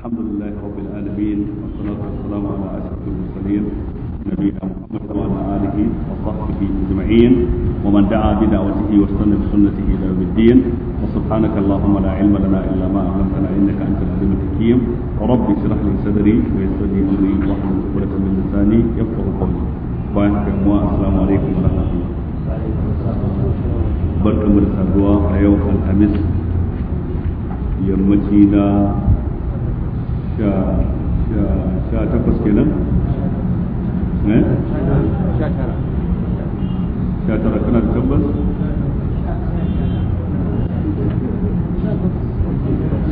الحمد لله رب العالمين والصلاة والسلام على أشرف المرسلين نبينا محمد وعلى آله وصحبه أجمعين ومن دعا بدعوته واستنى بسنته إلى يوم الدين وسبحانك اللهم لا علم لنا إلا ما علمتنا إنك أنت العليم الحكيم رب اشرح لي صدري ويسر لي أمري واحلل عقدة من لساني يفقه قولي بارك الله السلام عليكم ورحمة الله barkamu da saduwa a yau الخميس يوم na sha takwas kenan eh? sha tara kana da tabbas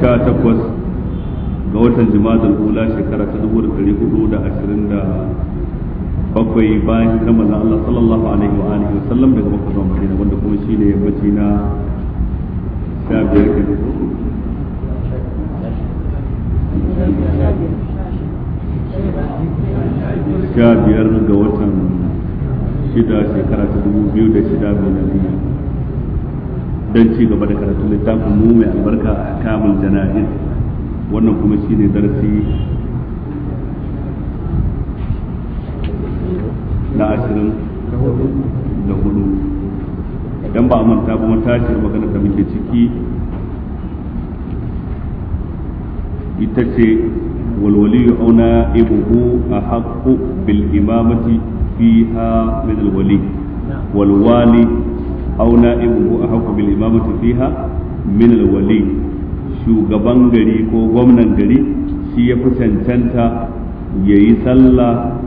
sha takwas ga watan jimadar hula shekara ta dubu da dari hudu da ashirin da bakwai bayan hijirar manzon Allah sallallahu alaihi wa alihi wa sallam daga Makka zuwa Madina wanda kuma shi shine yammaci na sha biyar kenan sha biyar ga watan shida shekara ta dubu biyu da shida miladiya don ci gaba da karatun littafin mu mai albarka a kamul jana'in wannan kuma ne darasi na ashirin da hudu don ba a manta ba mun magana da muke ciki ita ce walwali auna ibuhu a haƙƙu bil imamati fi ha min alwali walwali auna ibuhu a haƙƙu bil imamati fi ha min alwali shugaban gari ko gwamnan gari shi ya fi cancanta ya yi sallah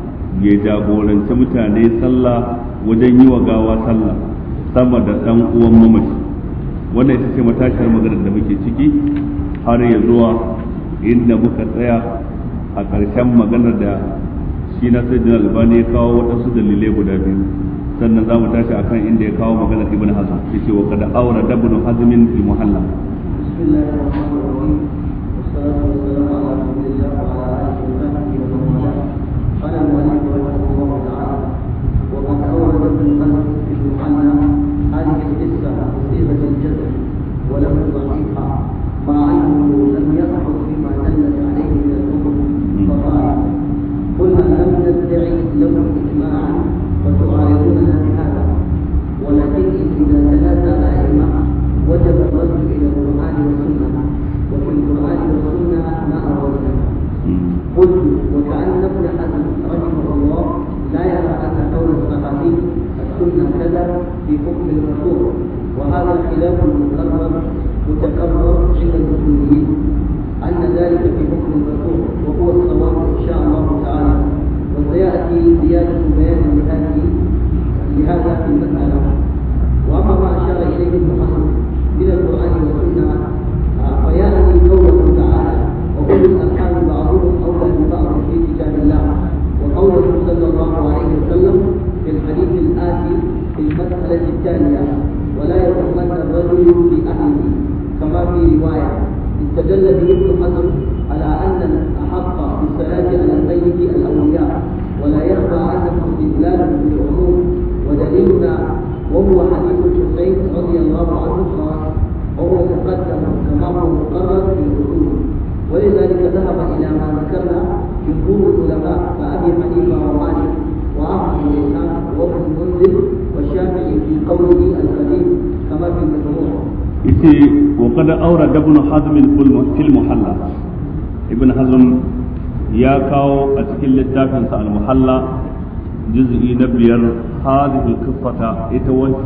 ya jagoranci mutane sallah wajen yi wa gawa sallah sama da ɗan uwan mamaci wannan ita ce matashiyar maganar da muke ciki har ya zuwa inda muka tsaya a ƙarshen maganar da shi na sayyidina albani ya kawo waɗansu dalilai guda biyu sannan za mu tashi akan inda ya kawo maganar ibn hazm yace wa qad aura ibn hazm bi muhalla bismillahir rahmanir rahim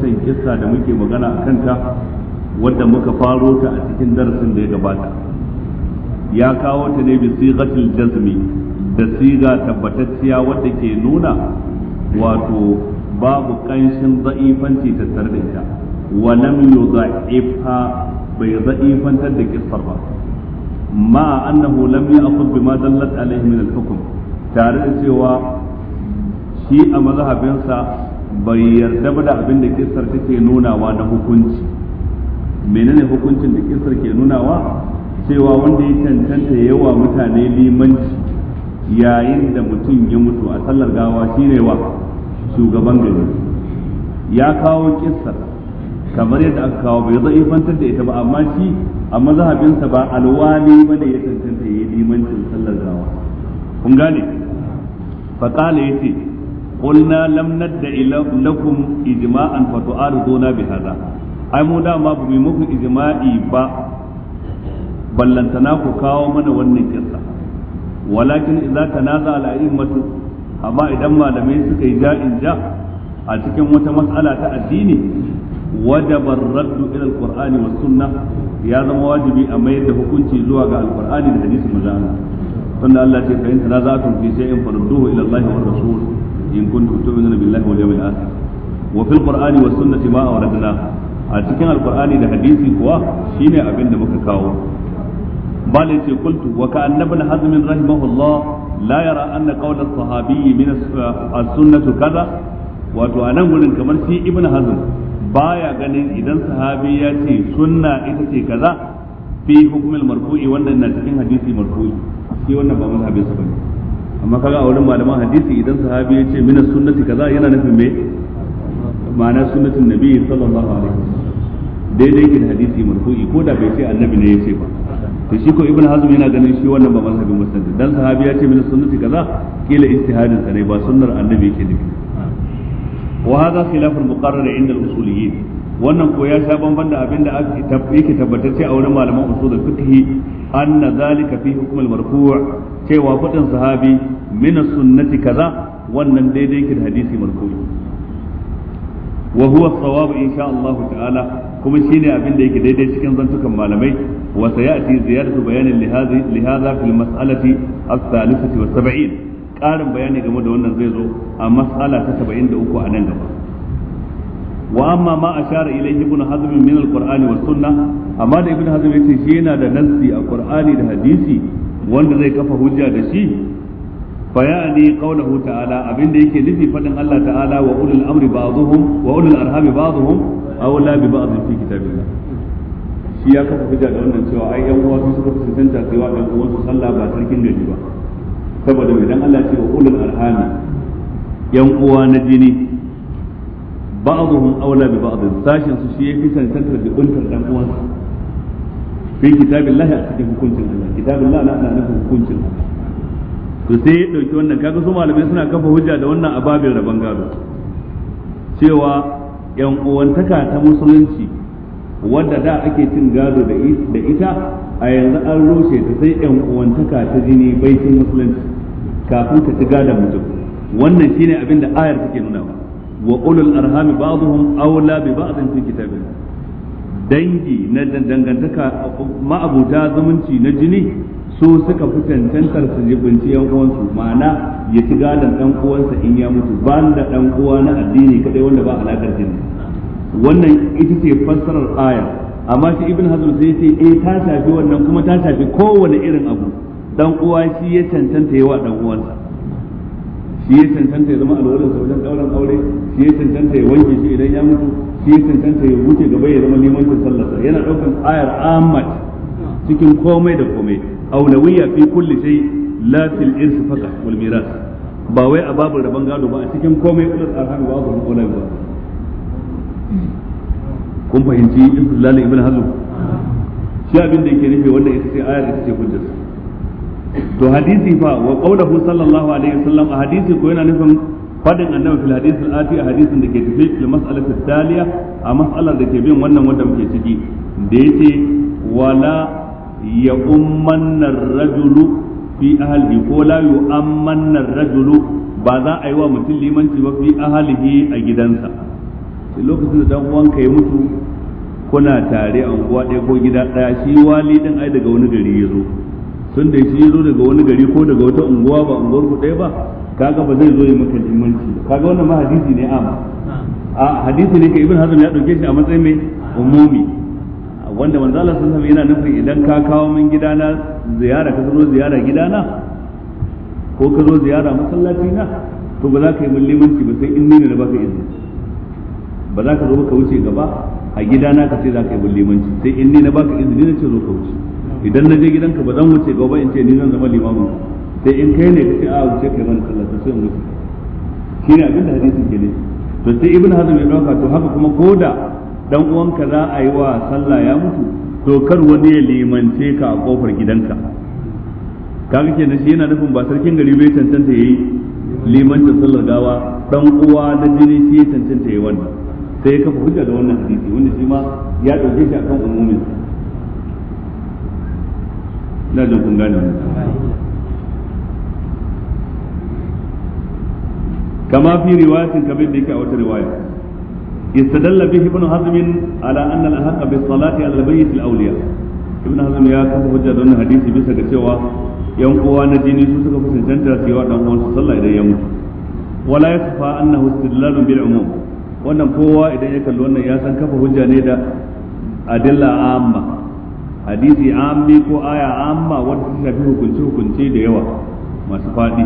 waccan kissa da muke magana a kanta wadda muka faro ta a cikin darasin da ya gabata ya kawo ta ne bi jazmi da siga tabbatacciya wadda ke nuna wato babu kanshin za'ifanci tattare da ita wa lam yudha'ifha bai za'ifantar da kissar ba ma annahu lam ya'khudh bima dallat alayhi min al-hukm tare da cewa shi a mazhabinsa bai yarda ba da abin da kisar take nunawa na hukunci menene hukuncin da kisar ke nunawa cewa wanda ya cancanta yawa mutane limanci yayin da mutum ya mutu a sallar gawa shine wa shugaban gari ya kawo kisar kamar yadda aka kawo bai fantar da ita ba amma shi a mazhabinsa ba alwali bane ya cancanta yayi limancin sallar gawa kun gane fa kala yace qulna lam nadda lakum ijma'an fa tu'ariduna bi hadha ai mu da ma bu muku ijma'i ba ballantana ku kawo mana wannan kissa walakin idza tanaza al a'immatu amma idan malamai suka yi ja'in ja a cikin wata matsala ta addini wajaba raddu ila alqur'ani was sunnah ya zama wajibi a mayar da hukunci zuwa ga alqur'ani da hadisi manzo Allah sannan Allah ce fa in tanaza'tum fi shay'in farudduhu ila Allah wa rasul in kuntum tu'minuna billahi wal yawmil akhir wa fil qur'ani was sunnati ma a cikin alqur'ani da hadisi kuwa shine abin da muka kawo bal ce qultu wa ka hazmin rahimahullah la yara anna qawl as-sahabi min as kaza wato anan gurin kamar shi ibn hazm baya ganin idan sahabi ya ce sunna ita ce kaza fi marfu'i wannan na cikin hadisi marfu'i shi wannan ba mazhabin sa bane amma kaga a wurin malaman hadisi idan sahabi ya ce mina sunnati kaza yana nufin me ma'ana sunnatin nabi sallallahu alaihi daidai yake da hadisi marfu'i ko da bai ce annabi ne ya ce ba to shi ko ibn hazm yana ganin shi wannan ba mazhabin musulmi dan sahabi ya ce mina sunnati kaza kila istihadin sa ne ba sunnar annabi yake nufi wa hadha khilaf al-muqarrar inda al-usuliyyin wannan ko ya sha bamban da abinda yake tabbatacce a wurin malaman usul fiqh anna zalika fi hukm al-marfu' cewa fadin sahabi mina sunnati kaza wannan daidai yake da hadisi marfu'i wa huwa sawabu ta'ala kuma shine abin da yake daidai cikin zantukan malamai wa sayati ziyadatu bayanin lihazi lihaza fil mas'alati as-salisati wa sab'in karin bayani game da wannan zai zo a mas'ala ta 73 a nan gaba wa amma ma ashara ilayhi ibn hazm min al amma da ibn hazm shi yana da nassi a qur'ani da hadisi wanda zai kafa hujja da shi فيعني قوله تعالى أبين ديك نفي فدن الله تعالى وأولي الأمر بعضهم وأولي الأرحام بعضهم أولى ببعض في كتاب الله shi ya kafa hujja da wannan cewa ai yan uwa sun suka fi santa sai wa ɗan uwansu sallah ba sarkin gari ba saboda mai dan Allah ce wa ulul arhami yan uwa na jini ba'dhum aula bi ba'd sashin su shi yafi santantar da kuntar dan uwansa fi kitabillahi a cikin hukuncin Allah kitabillah na ana nufin hukuncin Allah to sai ya dauki wannan kaga su malamai suna kafa hujja da wannan babin rabon gado cewa yan uwantaka ta musulunci wadda da ake cin gado da ita a yanzu an rushe ta sai yan uwantaka ta jini baitin musulunci kafin ka ci gadon mutum wannan shine abin da ayar take nuna wa ulul arhami ba'dhum awla bi ba'dhin fi kitabin. dangi na dangantaka ma'abuta zumunci na jini su suka fi cancantar su kunci yan uwansu ma'ana ya ci gadon dan uwansa in ya mutu ba da dan uwa na addini kadai wanda ba alakar jini wannan ita ce fassarar aya amma shi ibn hazm sai ce eh ta shafi wannan kuma ta shafi kowane irin abu dan uwa shi ya cancanta yawa dan uwansa shi ya cancanta ya zama alwalin sa wajen dauran aure shi ya cancanta ya wanke shi idan ya mutu shi ya cancanta ya wuce gaba ya zama sallar sa yana daukan ayar ahmad cikin komai da komai aulawiyya fi kulli shay la fil irs faqat wal miras ba wai a babu rabon gado ba a cikin komai ulul arham wa azrul ulai ba kun fahimci ibn ibn hazm shi abin da yake nufi wannan ita ce ayar ita ce hujjar to hadisi fa wa qawluhu sallallahu alaihi wasallam a hadisi ko yana nufin fadin annabi fil hadith al ati a hadisin da ke tafi fil mas'alati taliya a mas'alar da ke bin wannan wanda muke ciki da yace wala ya ummanna rajulu fi ahlihi ko la yu'ammanna rajulu ba za a yi wa mutum limanci ba fi ahlihi a gidansa lokacin da dan uwanka ya mutu kuna tare a unguwa ɗaya ko gida ɗaya shi wali ɗin ai daga wani gari ya zo tun da shi ya zo daga wani gari ko daga wata unguwa ba unguwar ku ɗaya ba kaga ba zai zo ya maka limanci kaga wannan ma hadisi ne amma a hadisi ne ka ibn hazm ya dauke shi a matsayin mai umumi wanda manzo Allah sun alaihi yana nufin idan ka kawo min gidana ziyara ka zo ziyara gidana ko ka zo ziyara masallaci na to ba za ka yi min limanci ba sai in ni ne baka izini ba za ka zo ka wuce gaba a gidana ka ce za ka yi min limanci sai in ni na baka izini na ce zo ka wuce idan na je gidanka ba zan wuce gaba in ce ni zan zama limamin sai in kai ne ka ce a ah, wuce kai mana sallah sai in wuce shine abin da hadisi ke ne to sai ibnu hazm ya dauka to haka kuma koda dan uwanka za a yi wa sallah ya mutu to kar wani ya limance ka a kofar gidanka kaga kenan shi yana nufin ba sarkin gari bai tantance yayi limanta sallar gawa dan uwa na jini shi ya tantance yayi wannan sai ya kafa hujja da wannan hadisi wanda shi ma ya dauke shi akan umumin na da kun gane wannan kama fi riwayatin kamar da yake a wata riwaya istadalla bihi ibn hazm ala anna al-haqq bi salati ala ibn hazm ya kafa hujja da wannan hadisi bisa ga cewa yan uwa na jini su suka fi cancanta su yi wa dan uwansu sallah idan ya mutu wala yakfa annahu istidlalun bil umum wannan kowa idan ya kalli wannan ya san kafa hujja ne da adilla amma hadisi ammi ko aya amma wanda su shafi hukunce hukunce da yawa masu faɗi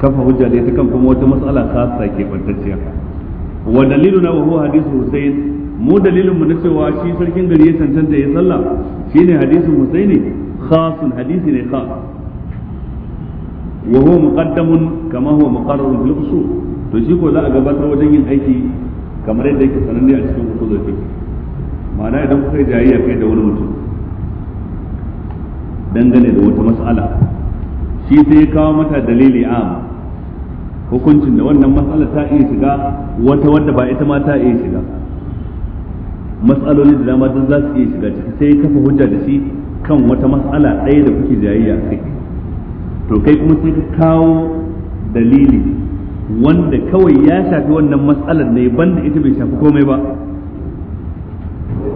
kafa hujja da ita kan kuma wata matsala kasa ke bantacciya wa daliluna wa huwa hadithu husain mu dalilin mu na cewa shi sarkin gari ya cancanta ya salla shine hadisin Husaini khasun hadisi ne khas wa huwa muqaddamun kama huwa muqarrarun fil usul to shi ko za a gabatar wajen yin aiki kamar yadda yake sananne a cikin usul fiqh ma'ana idan kuka yi jayayya kai da wani mutum dangane da wata mas'ala shi sai ya kawo mata dalili am hukuncin da wannan matsala ta iya shiga wata wadda ba ita ma ta iya shiga matsaloli da dama duk za su iya shiga ciki sai kafa hujja da shi kan wata matsala ɗaya da kuke jayayya kai to kai kuma sai ka kawo dalili wanda kawai ya shafi wannan matsalar ne banda ita bai shafi komai ba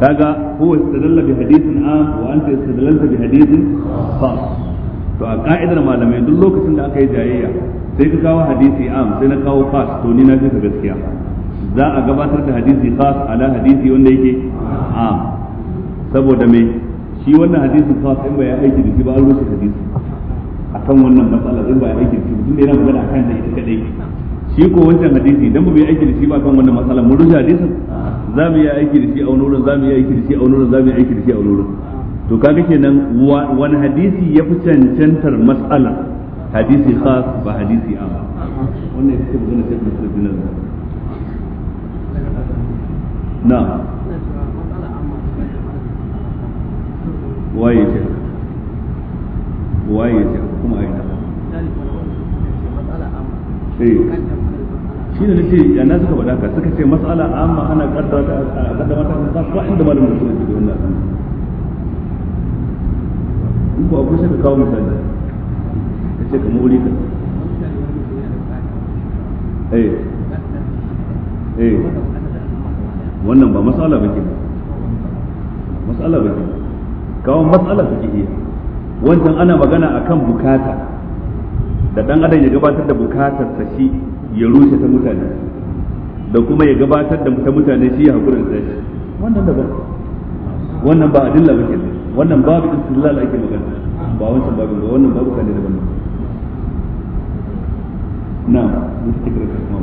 kaga wasu istadalla bi hadithin a wa anta istadallanta bi hadithin fa to a ka'idar malamai duk lokacin da aka yi jayayya sai ka kawo hadisi am sai na kawo khas to ni na ka gaskiya za a gabatar da hadisi khas ala hadisi wanda yake am saboda me shi wannan hadisin khas in ba ya aiki da shi ba an rushe hadisi akan wannan matsala in ba ya aiki da shi da yana magana akan da ita kadai shi ko wancan hadisi dan ba bai aiki da shi ba kan wannan matsala mun rushe hadisin za mu yi aiki da shi a wani za mu yi aiki da shi a wani za mu yi aiki da shi a wani to kaga kenan wani hadisi ya fi cancantar matsala hadisi khas ba hadisi am wannan ita ce magana ta Ibn Sinan na waye ce waye ce kuma aina eh. shi ne Ya na suka faɗa ka suka ce mas'ala amma ana kaddara ta kaddara ta kuma inda malamin suna ce wannan ko abu sai ka kawo misali eh eh wannan ba matsala ba ke matsala ba ke kawo matsala ke iya wancan ana magana akan bukata da ɗan adam ya gabatar da bukatar sa shi ya rushe ta mutane da kuma ya gabatar da ta mutane shi ya haƙura da shi wannan daban wannan ba adilla ba ke wannan babu istidlal ake magana ba wancan babu ba wannan babu kan daban نعم نفتكر الاسماء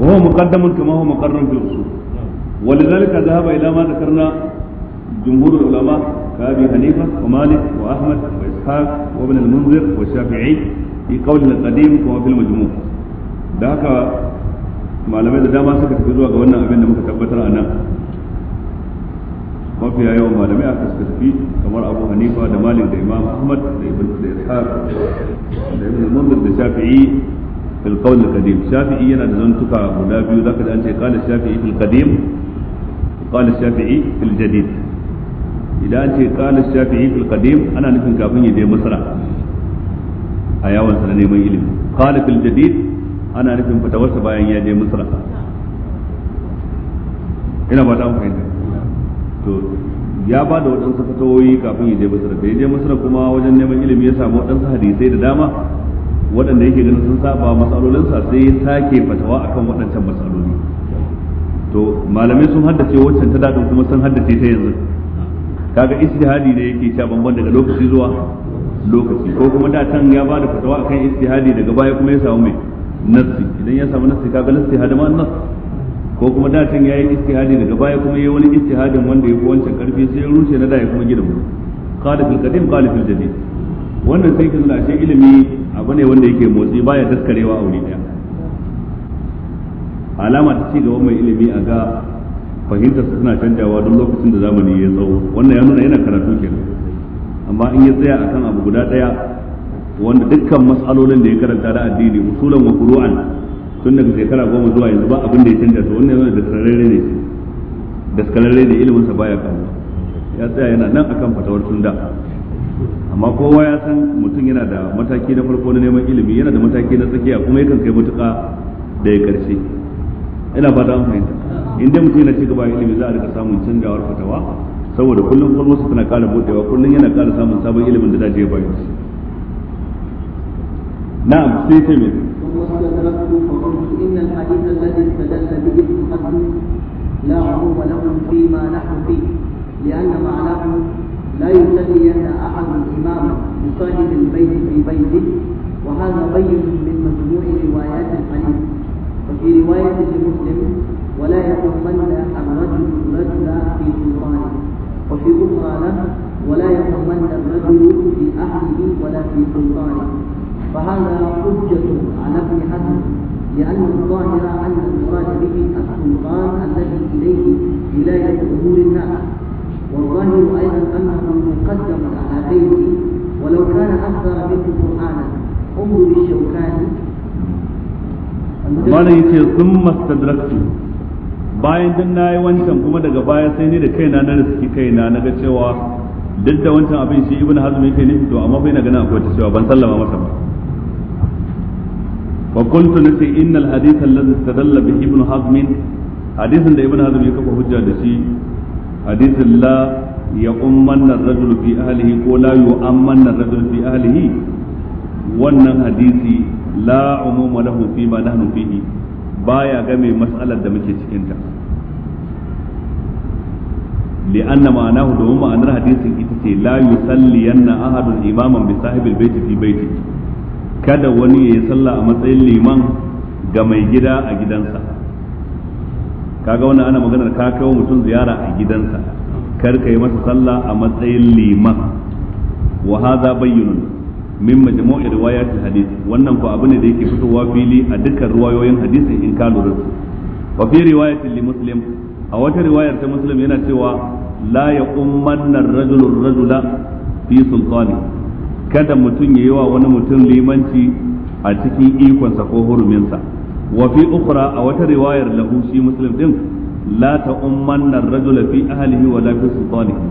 وهو مقدم كما هو مقرر في الأصول نعم. ولذلك ذهب إلى ما ذكرنا جمهور العلماء كأبي حنيفة ومالك وأحمد وإسحاق وابن المنذر والشافعي في قولنا القديم كما في المجموع ذاك haka malamai ما سكت في tafi zuwa ga wannan mafiya yawan malamai aka kamar abu hanifa da malik da imam ahmad da ibn da ishaq da ibn munzir da shafi'i fil qawl qadim shafi'i yana da zantuka guda biyu zaka ji an ce qala shafi'i fil qadim qala shafi'i fil jadid idan an ce qala shafi'i fil qadim ana nufin kafin ya je misra a yawan sa neman ilimi qala fil jadid ana nufin fatawarsa bayan ya je misra ina ba ta fahimta to ya ba da waɗansu fatawoyi kafin ya je masar da ya je masar kuma wajen neman ilimi ya samu waɗansu hadisai da dama waɗanda yake ganin sun saba masalolinsa sai ya sake fatawa akan waɗancan masaloli to malamai sun haddace waccan ta daɗin kuma sun haddace ta yanzu kaga istihadi ne yake sha bamban daga lokaci zuwa lokaci ko kuma da can ya ba da fatawa akan istihadi daga baya kuma ya samu mai nassi idan ya samu nassi kaga nassi hadama nassi ko kuma da can yayi istihadi daga baya kuma yayi wani istihadin wanda ya wancan karfi sai ya rushe na da ya kuma gidan qala fil qadim qala fil jadid wannan sai kin da shi ilimi abu ne wanda yake motsi baya daskarewa aure daya alama ta ci gaba mai ilimi a ga fahimtar suna canjawa don lokacin da zamani ya tsawo wannan ya nuna yana karatu kenan amma in ya tsaya akan abu guda daya wanda dukkan mas'alolin da ya karanta da addini usulan wa furu'an tun daga shekara goma zuwa yanzu ba abin da ya canja to wannan yana da sararre ne da sararre ne ilimin sa baya kawo ya tsaya yana nan akan fatawar tun da amma kowa ya san mutum yana da mataki na farko na neman ilimi yana da mataki na tsakiya kuma yakan kai mutuka da ya karshe ina ba da fahimta in dai mutum yana ci gaba ilimi za a rika samun canjawar fatawa saboda kullum kwalwarsa tana ƙara budewa kullum yana ƙara samun sabon ilimin da ta je bayan shi نعم في كلمة ثم استدركت فقلت إن الحديث الذي استدل به ابن لا له فيما نحن فيه لأن معناه لا أحد الإمام البيت في بيته وهذا بين من مجموع روايات الحديث وفي رواية لمسلم ولا الرجل الرجل في سلطانه وفي أخرى له ولا يقومن الرجل في أهله ولا في سلطانه فهذا حجة على ابن حزم لأن الظاهر أن المراد به السلطان الذي إليه ولاية أمور الناس والظاهر أيضا أنه مقدم على غيره ولو كان أكثر منه قرآنا أمر الشوكاني mana yace summa stadraktu bayan dan na yi wancan kuma daga baya sai ni da kaina na riski kaina naga cewa duk da wancan abin shi ibnu hazm yake ne to amma bai na gana akwai cewa ban sallama masa ba wa qultu nasi innal hadith alladhi istadalla bi ibn hazm hadisin da ibn hazm ya kafa hujja da shi hadisin la ya ummanna ar-rajul fi ahlihi ko la yu'ammanna ar-rajul fi ahlihi wannan hadisi la umuma lahu fi ma nahnu fihi baya game mas'alar da muke cikin ta لأن معناه دوما أن الحديث إتسي لا يصلين أحد إماما بصاحب البيت في بيته kada wani ya yi sallah a matsayin liman ga mai gida a gidansa kaga wannan ana maganar ka kawo mutum ziyara a gidansa kar ka yi masa sallah a matsayin liman wa hadha bayyinun min majmu'i riwayatil hadith wannan ko abu ne da yake fitowa fili a dukkan riwayoyin hadisi in ka lura wa fi riwayatil li muslim a wata riwayar ta muslim yana cewa la ya ummanna ar-rajulu ar-rajula fi sultani kada mutum ya yi wa wani mutum limanci a cikin ikonsa ko huruminsa wa fi ukhra a wata riwayar lahu shi muslim din la ta nan rajula fi ahlihi wa la fi sultanihi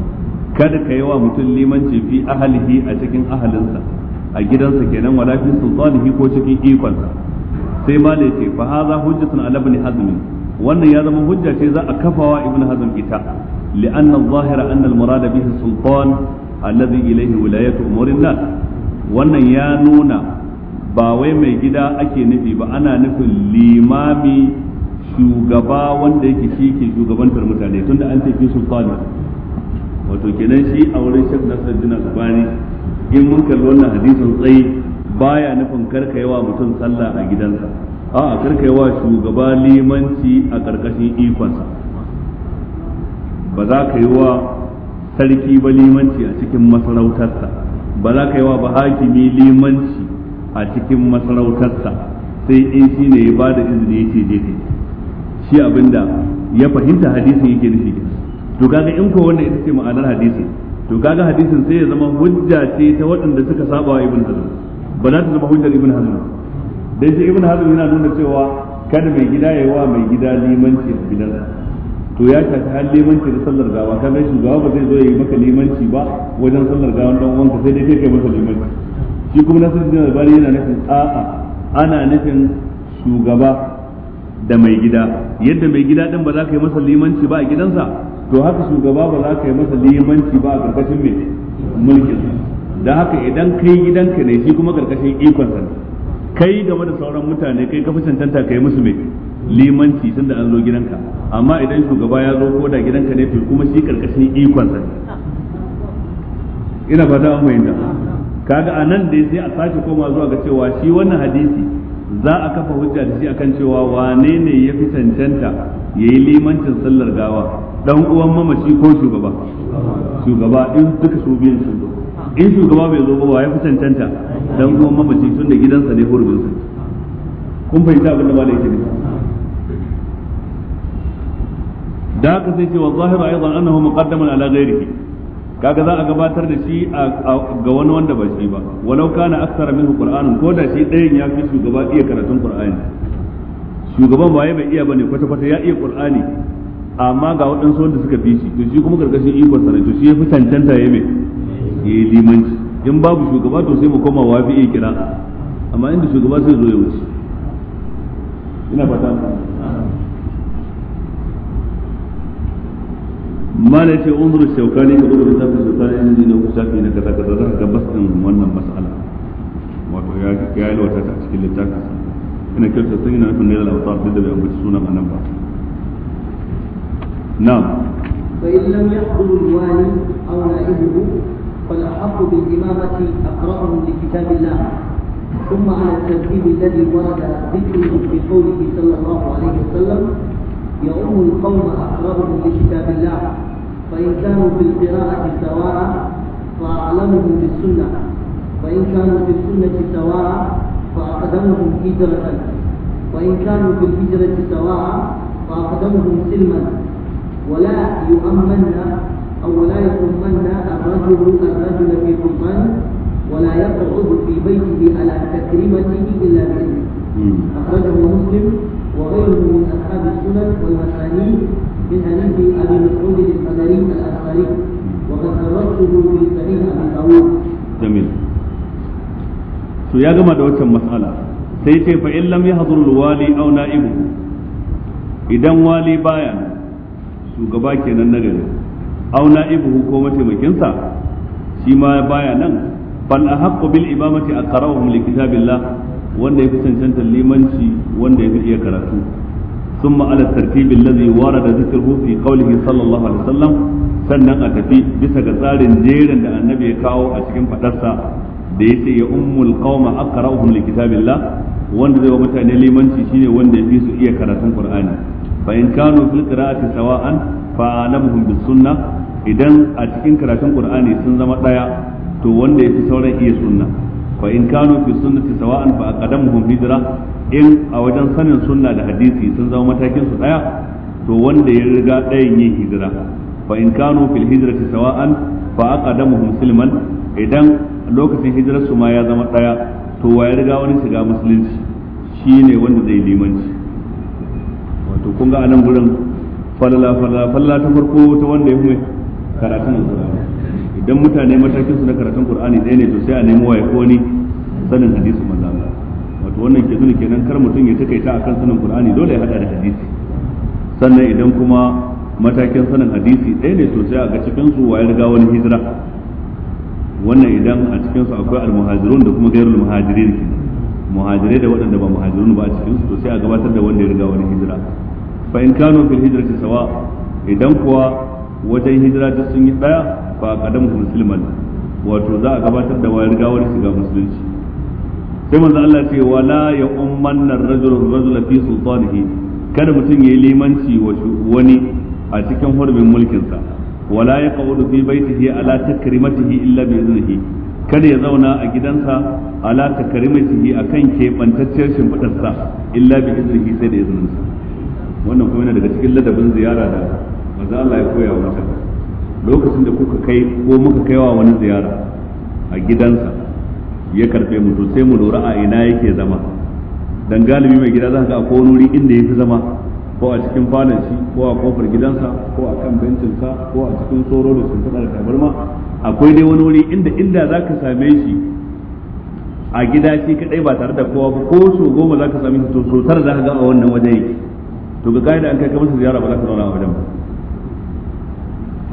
kada ka yi wa mutum limanci fi ahlihi a cikin ahalinsa a gidansa kenan wala fi sultanihi ko cikin ikonsa sai ma da yace fa hadha hujjatun ala ibn hazm wannan ya zama hujja ce za a kafawa ibn hazm ita li'anna adh-dhahira anna al-murada bihi sultan allazi ilaihi wilayatu umurin nas wannan ya nuna ba wai mai gida ake nufi ba ana nufin limami shugaba wanda yake shi ke shugabantar mutane tunda an tafi sultana wato kenan shi a wurin shek nasarjina zubani in mun kalli wannan hadisin tsayi baya nufin karkaiwa mutum sallah a gidansa a'a karkaiwa shugaba limanci a karkashin ikonsa ba za ka yi wa sarki ba limanci a cikin masarautarsa ba za ka yi wa ba hakimi limanci a cikin masarautarsa sai in shi ne ya ba da izini ya ce je shi abinda ya fahimta hadisin yake nufi to kaga in ko wanda ita ce ma'anar hadisin to kaga hadisin sai ya zama hujja ce ta waɗanda suka saba wa ibn hazm ba za ta zama hujjar ibn hazm dai shi ibn hazm yana nuna cewa kada mai gida ya wa mai gida limanci a gidansa to ya shafi har limanci da sallar gawa ka rashin gawa ba zai zo ya yi maka limanci ba wajen sallar gawa don wanka sai dai kai masa limanci shi kuma nasir din bari yana nufin a'a ana nufin shugaba da mai gida yadda mai gida din ba za ka yi masa limanci ba a gidansa to haka shugaba ba za ka yi masa limanci ba a karkashin mai mulkin da haka idan kai gidanka ne shi kuma karkashin ikon sa kai game da sauran mutane kai ka fi cancanta ka yi musu mai limanci tun da an zo gidanka amma idan shugaba ya zo ko da gidanka ne to kuma shi karkashin ikon sa ina fata an bayyana kaga anan da sai a sake koma zuwa ga cewa shi wannan hadisi za a kafa hujja da shi akan cewa wane ne ya fi cancanta ya yi limancin sallar gawa dan uwan mamaci ko shugaba shugaba in duka su biyan su in shugaba bai zo ba ya fi cancanta dan uwan mamaci tun da gidansa ne hurbinsa kun fahimta abin da malai yake nufi da haka sai ce wa zahiru aidan annahu muqaddaman ala ghairihi kaga za a gabatar da shi ga wani wanda ba shi ba walau kana aksara minhu qur'anun ko da shi dayan ya fi shugaba iya karatun qur'ani shugaban ba bai iya bane kwata kwata ya iya qur'ani amma ga waɗansu wanda suka fi shi to shi kuma karkashin ikon sa to shi ya fi cancanta ya mai ya yi limanci in babu shugaba to sai mu koma wa fi iya kira amma inda shugaba sai zo ya wuce ina fata ma ne ce unzur shaukani ka gudu littafin shaukani ne da shafi na kaza kaza za ka ga basin wannan mas'ala wato ya ya yi wata a cikin littafin ina kirsa sun yana nufin nailal awtar duk da bai ambaci suna a nan ba na fa in lam yahdur wali aw فالأحق بالإمامة أقرأهم لكتاب الله ثم على الترتيب الذي ورد ذكره في قوله صلى الله عليه وسلم يؤم القوم أقرأهم لكتاب الله فإن كانوا في القراءة سواء فأعلمهم بالسنة وإن كانوا في السنة سواء فأقدمهم هجرة وإن كانوا في الهجرة سواء فأقدمهم سلما ولا يؤمن أو لا يؤمن الرجل الرجل في حصن ولا يقعد في بيته على تكريمته إلا بإذنه أخرجه مسلم وغيره من أصحاب السنن والمسانيد من حديث أبي مسعود القدري الأشعري وقد خرجته في صحيح أبي داود. جميل. to ya gama da waccan matsala sai ce fa in lam yahdhur wali aw na'ibu idan wali baya shugaba kenan na gari aw na'ibu ko mataimakin sa shi ma baya nan fal ahqqu bil imamati aqra'uhum li kitabillah wanda ya fi cancanta limanci wanda ya fi iya karatu sun على tartibin الذي ورد da في قوله صلى الله عليه sannan a tafi bisa ga tsarin jerin da annabi ya kawo a cikin fadarsa da ya ce ya ummul qauma aqra'uhum li kitabillah wanda zai wa mutane limanci shine wanda ya fi su iya karatun qur'ani fa in kanu fil qira'ati sawa'an fa alamuhum bis sunnah idan a cikin karatun qur'ani sun zama daya to wanda ya fi sauran iya sunna fa in kanu fi sunnati sawa'an fa aqadamuhum hijra in a wajen sanin sunna da hadisi sun zama matakin su daya to wanda ya riga dayan yin hijira fa in kanu fil hijrati sawa'an fa aqadamuhum musliman idan lokacin hijrar su ma ya zama daya to wa ya riga wani shiga musulunci shine wanda zai limanci wato kun ga anan gurin falala falala falala ta farko ta wanda ya kuma karatun Qur'ani idan mutane matakin su na karatun qur'ani ɗaya ne to sai a nemi ya ko ni sanin hadisi manzo Allah wato wannan ke nuna kenan kar mutum ya takaita akan sanin Qur'ani dole ya hada da hadisi sannan idan kuma matakin sanin hadisi ɗaya ne sosai a ga cikin su ya riga wani hijira wannan idan a cikin su akwai al-muhajirun da kuma gairul muhajirin muhajirai da waɗanda ba muhajirun ba a cikin su to sai a gabatar da wanda ya riga wani hijira fa in kanu fil hijrati sawa idan kuwa wajen hijira duk sun yi daya fa qadamu musliman wato za a gabatar da wayar gawar shiga musulunci sai manzo Allah ce wala ya ummanna ar-rajulu rajula fi sultanihi kada mutum yayi limanci wa wani a cikin hurbin mulkinsa wala ya qawdu fi baitihi ala takrimatihi illa bi iznihi kada ya zauna a gidansa ala takrimatihi akan kebantacciyar shimfidarsa illa bi iznihi sai da izininsa wannan kuma yana daga cikin ladabin ziyara da manzo Allah ya koya wa mutum lokacin da kuka kai ko muka kaiwa wani ziyara a gidansa ya karfe mu to sai mu lura a ina yake zama dan galibi mai gida zaka ga ko wani wuri inda yafi zama ko a cikin falon shi ko a kofar gidansa ko a kan bencinsa ko a cikin soro da shimfiɗa da tabarma akwai dai wani wuri inda inda zaka same shi a gida shi kadai ba tare da kowa ba ko so goma zaka same shi to so tara zaka ga a wannan waje yake to ga da an kai ka masa ziyara ba za ka zauna a wajen ba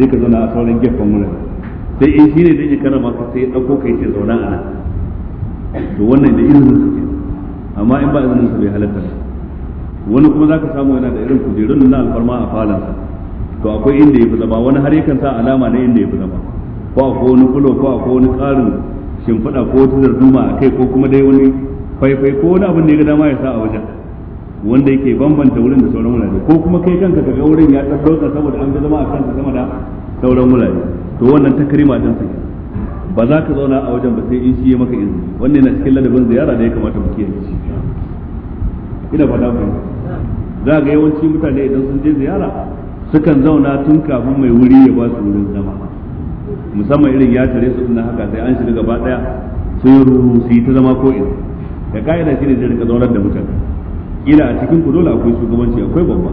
sai ka zauna a sauran gefen wurin sai in ne dan ya karama ka sai ya dauko kai ke zauna a nan to wannan da izinin su ke amma in ba izinin su bai halatta wani kuma zaka samu yana da irin kujerun nan alfarma a sa to akwai inda ya fi zama wani har yakan sa alama na inda ya fi zama ko akwai wani kulo ko akwai wani tsarin shimfiɗa ko wata zuma a kai ko kuma dai wani faifai ko wani abin da ya ga dama ya sa a wajen wanda yake bambanta wurin da sauran wurare ko kuma kai kanka ka ga wurin ya ɗauka saboda an fi zama a kansa sama da sauran wurare to wannan takrima din sai ba za ka zauna a wajen ba sai in shi ya maka izini wannan yana cikin ladabin ziyara da ya kamata mu kiyaye ina faɗa ku za ga yawanci mutane idan sun je ziyara sukan zauna tun kafin mai wuri ya ba su wurin zama musamman irin ya tare su suna haka sai an shiga gaba daya sun ruru su yi ta zama ko ina da ka'ida shi ne zai rika zaunar da mutane ina a cikin ku dole akwai shugabanci akwai babba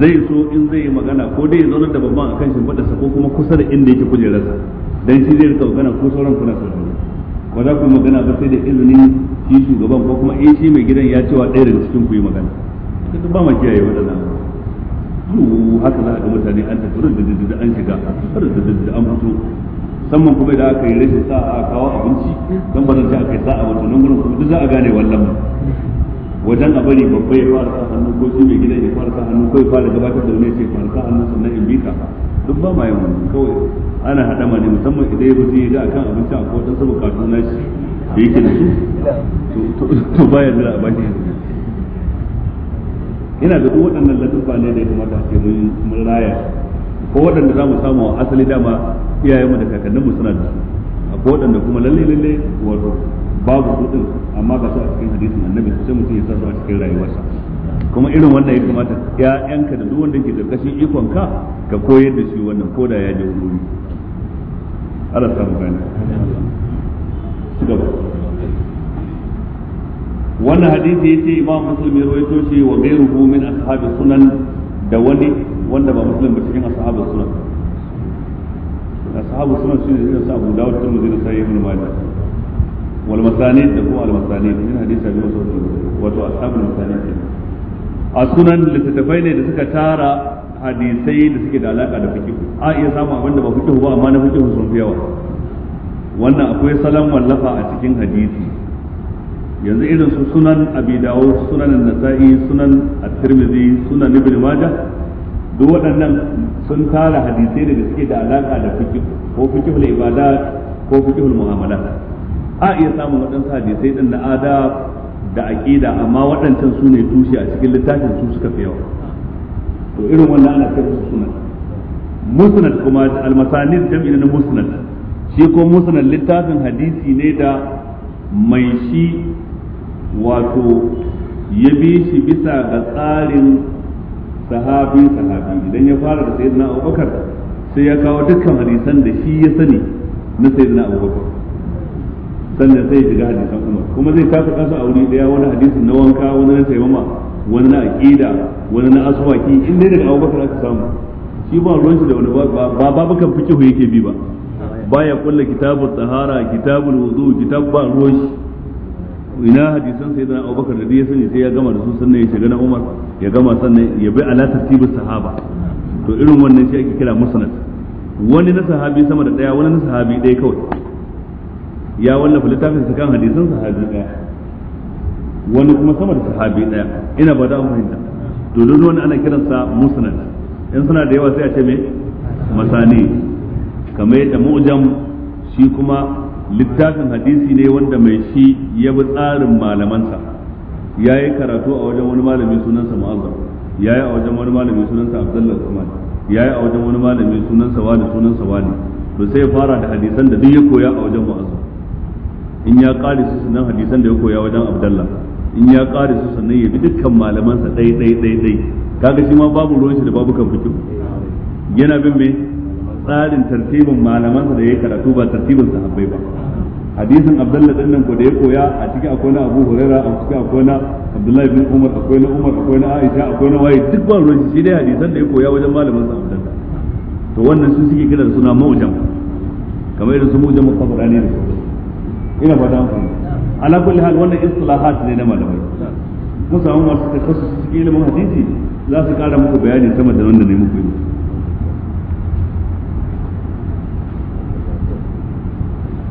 zai so in zai yi magana ko dai ya zaunar da babban akan shimfiɗarsa ko kuma kusa da inda yake kujerarsa dan shi zai rika magana ko sauran kuna sauraro ba za ku magana ba sai da izinin shi shugaban ko kuma in shi mai gidan ya cewa ɗaya daga cikin ku yi magana duk ba ma kiyaye waɗannan haka za a ga mutane an tafi da an shiga da an fito musamman kuma da aka yi rashin sa'a a kawo abinci don ba zan ci aka yi sa'a wato nan gurin kuma duk za a gane wallan wajen a bari babba ya fara sa hannu ko shi mai gidan ya fara sa hannu ko ya fara gabatar da wani ya ce fara sa hannu sannan in bita duk ba ma yin wani kawai ana ma ne musamman idan ya fi ya a akan abinci a ko sabu saboda na shi da yake da su to bayan da a bashi yanzu ina da duk waɗannan latufa ne da ya kamata ce mun raya ko waɗanda za mu samu asali dama iyayenmu da kakanninmu suna da su akwai waɗanda kuma lalle lalle wato babu su amma ba su a cikin hadisin annabi sai mutum ya sa su a cikin rayuwarsa kuma irin wannan ya kamata ƴaƴanka da duk wanda ke karkashin ikon ka ka koyar da shi wannan ko da ya je wuri Allah ta gane wannan hadisi yace imam muslim ya rawaito shi wa ghayruhu min ashabi sunan da wani wanda ba muslim ba cikin ashabi sunan ashabi sunan shine irin sa Abu Dawud da Tirmidhi da Sahih Ibn Majah wal da kuma al masanid min hadisi abi mas'ud wato ashabul masanid a sunan littattafai ne da suka tara hadisai da suke da alaka da fiqh a iya samu abin da ba fiqh ba amma na fiqh sun fi yawa wannan akwai salon wallafa a cikin hadisi yanzu irin su sunan abi sunan nasa'i sunan at-tirmidhi sunan ibn majah duk waɗannan sun tara hadisai da suke da alaka da fiqh ko fiqh al Ibada ko fiqh al-mu'amalat a iya samun waɗansu hadisai ɗin na ada da aƙida amma waɗancan su ne tushe a cikin littafin su suka fi yawa to irin wannan ana kai su sunan musnad kuma almasanid jam'i na musnad shi ko musnad littafin hadisi ne da mai shi wato ya bi shi bisa ga tsarin sahabi sahabi idan ya fara da sayyidina abubakar sai ya kawo dukkan hadisan da shi ya sani na sayyidina abubakar sannan sai ya shiga hadisan umar kuma zai kasa kasa a wuri daya wani hadisin na wanka wani na taimama wani na aqida wani na aswaki in dai daga abubakar aka samu shi ba ruwan shi da wani ba fi kihu yake bi ba baya kulla kitabul tahara kitabul wudu kitab ba ruwan shi ina hadisan sai da abubakar da ya sani sai ya gama da su sannan ya shiga na umar ya gama sannan ya bi ala tartibus sahaba to irin wannan shi ake kira musnad wani na sahabi sama da daya wani na sahabi daya kawai ya wallafa littafin su kan hadisan sahabi daya wani kuma sama da sahabi daya ina ba da fahimta to duk wani ana kiransa musnad in suna da yawa sai a ce me masani kamar yadda mu'jam shi kuma littafin hadisi ne wanda mai shi ya bi tsarin malamansa ya yi karatu a wajen wani malami sunansa mu'azzam ya yi a wajen wani malami sunansa abdullahi usman ya yi a wajen wani malami sunansa wani sunansa wani to sai ya fara da hadisan da duk ya koya a wajen mu'azzam in ya kare su sannan hadisan da ya koya wajen abdallah in ya kare su sannan ya bi dukkan malamansa ɗai ɗai ɗai ɗai kaga shi ma babu ruwan shi da babu kan fito yana bin me tsarin tartibin malamansa da ya karatu ba tartibin sahabbai ba hadisin abdallah din nan ko da ya koya a cikin akwai na abu huraira a cikin akwai na abdullahi bin umar akwai na umar akwai na aisha akwai na waye duk ba ruwan shi dai hadisan da ya koya wajen malamansa sa to wannan su suke kiran suna maujan kamar irin su maujan mukafarani da su ina ba da amfani ala kulli hal wannan istilahat ne na malamai mun samu masu takassus cikin ilimin hadisi za su kara muku bayani sama da wanda ne muku yi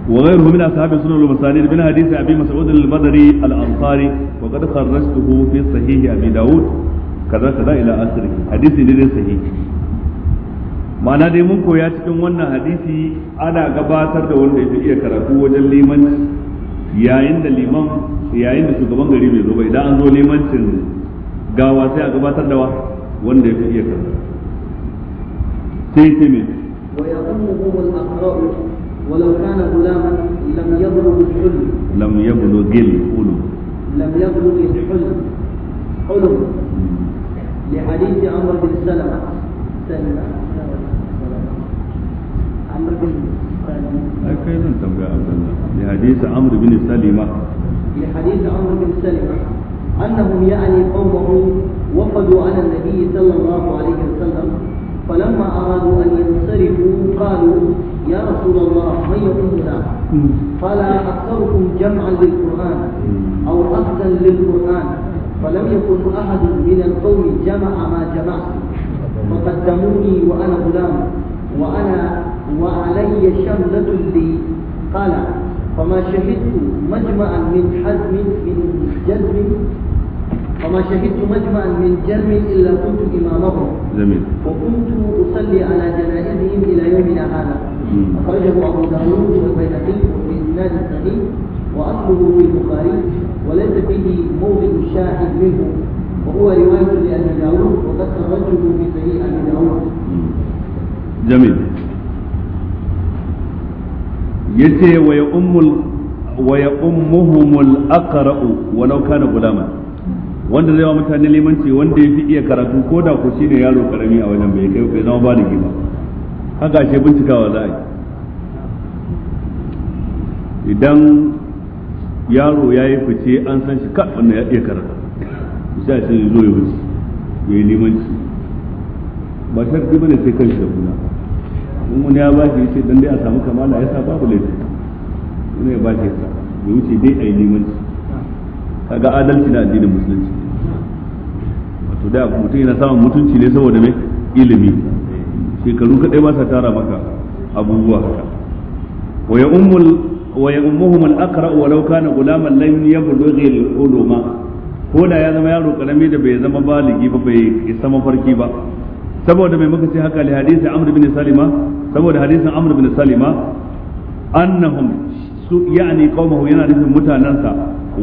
وغيره من أصحاب السنن والمسانيد من حديث أبي مسعود البدري الأنصاري وقد خرجته في صحيح أبي داود كذا كذا إلى آخره حديث ليس صحيح ma'ana dai mun koya cikin wannan hadisi ana gabatar da wanda ya iya karatu wajen liman yayin da liman yayin da shugaban gari bai zo ba idan an zo limancin gawa sai a gabatar da wanda ya iya karatu sai sai mai ولو كان غلاما لم يبلغ الحلم لم يبلغ الحلم لم يبلغ الحلم حلم لحديث ai kai zan tambaya abdullah bi hadisi amr bin salima bi hadisi amr bin salima annahum ya'ni wafadu ala an-nabi sallallahu alaihi wasallam فلما أرادوا أن ينصرفوا قالوا يا رسول الله من أكثركم جمعا للقرآن أو أخذا للقرآن فلم يكن أحد من القوم جمع ما جمعت فقدموني وأنا غلام وأنا وعلي شملة لي قال فما شهدت مجمعا من حزم من جزم وما شهدت مجمعا من جرم الا كنت امامهم جميل وكنت اصلي على جنائزهم الى يومنا هذا اخرجه ابو داود والبيهقي إسناد صحيح واصله في البخاري وليس فيه موضع شاهد منه وهو روايه لابي داود وقد خرجه في صحيح ابي داود جميل yace wa ya ummul waya ya ummuhumul aqra'u walau kana gulama wanda zai wa mutane limanci wanda ya fi iya karatu ko da ku shine yaro karami a wajen bai kai bai zama baligi ba haka ce bincikawa za a yi idan yaro ya yi fice an san shi ka wanda ya iya karatu sai a zo ya wuce ya yi limanci ba shakki bane sai kan shi da kuna in wani ya bashi ya ce don dai a samu kamala ya sa babu laifi wani ya bashi ya sa ya wuce dai a yi limanci kaga adalci na addinin musulunci wato da mutum yana samun mutunci ne saboda mai ilimi shekaru kadai ba sa tara maka abubuwa haka wa ya ummul wa ya ummuhum al aqra walau kana gulaman lam yablughi al uluma ko da ya zama yaro karami da bai zama baligi ba bai isa mafarki ba saboda mai muka ce haka li hadisi amr bin salima saboda hadisin amr bin salima annahum su yani qaumahu yana nufin mutanansa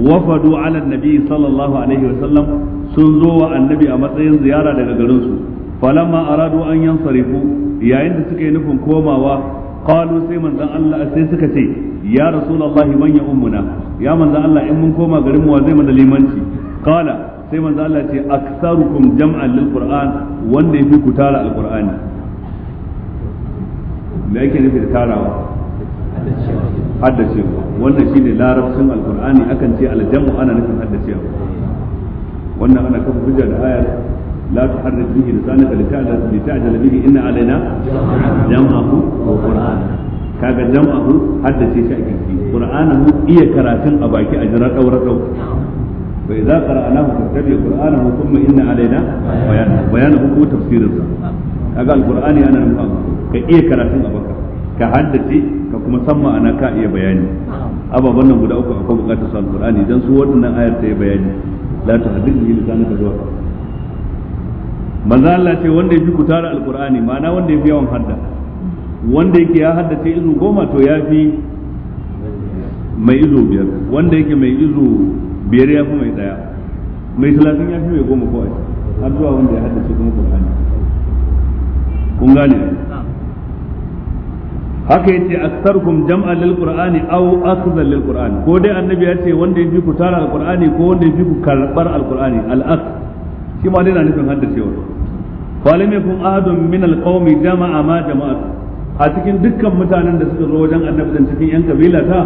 wafadu ala nabi sallallahu alaihi wa sallam sun zo wa annabi a matsayin ziyara daga garin su falamma aradu an yansarifu yayin da suka yi nufin komawa qalu sai manzon Allah sai suka ce ya rasulullahi man ya ummuna ya manzon Allah in mun koma garin mu wa zai mana limanci qala sai manzo Allah ce aksarukum jam'an lil qur'an wanda yafi ku tara alqur'ani me yake nufi da tarawa haddacewa wannan shine larabcin alqur'ani akan ce aljamu ana nufin haddacewa wannan ana kafa hujja da ayar لا تحرك به لسانك لتعجل به إن علينا جمعه وقرآنه kaga jam'ahu haddace shi ake yi qur'anahu iya karatun a baki a jira daura daura wa فإذا قرأناه فاتبع قرآنه ثم إن علينا بيانه بيانه هو تفسير الزمان kaga alqur'ani ana nan ka iya karatun abaka ka haddace ka kuma san ma'ana ka iya bayani ababan nan guda uku akwai bukatar su alqur'ani dan su waɗannan ayar ta yi bayani la tahdid li lisanaka zuwa manzo la ce wanda yafi ku tara alqur'ani ma'ana wanda yafi yawan hadda wanda yake ya haddace izu goma to yafi mai izu biyar wanda yake mai izu biyar ya fi mai tsaya mai talatin ya fi mai goma kawai har zuwa wanda ya haddace kuma qur'ani kun gane haka yace aktsarukum jam'a lil qur'ani aw akhdha lil qur'ani ko dai annabi ya ce wanda ya fi ku tara qur'ani ko wanda ya fi ku karbar qur'ani al akh shi ma dai na nufin haddacewa falam kun ahadun min al qaumi jama'a ma jama'a a cikin dukkan mutanen da suka zo wajen annabi dan cikin yan kabila ta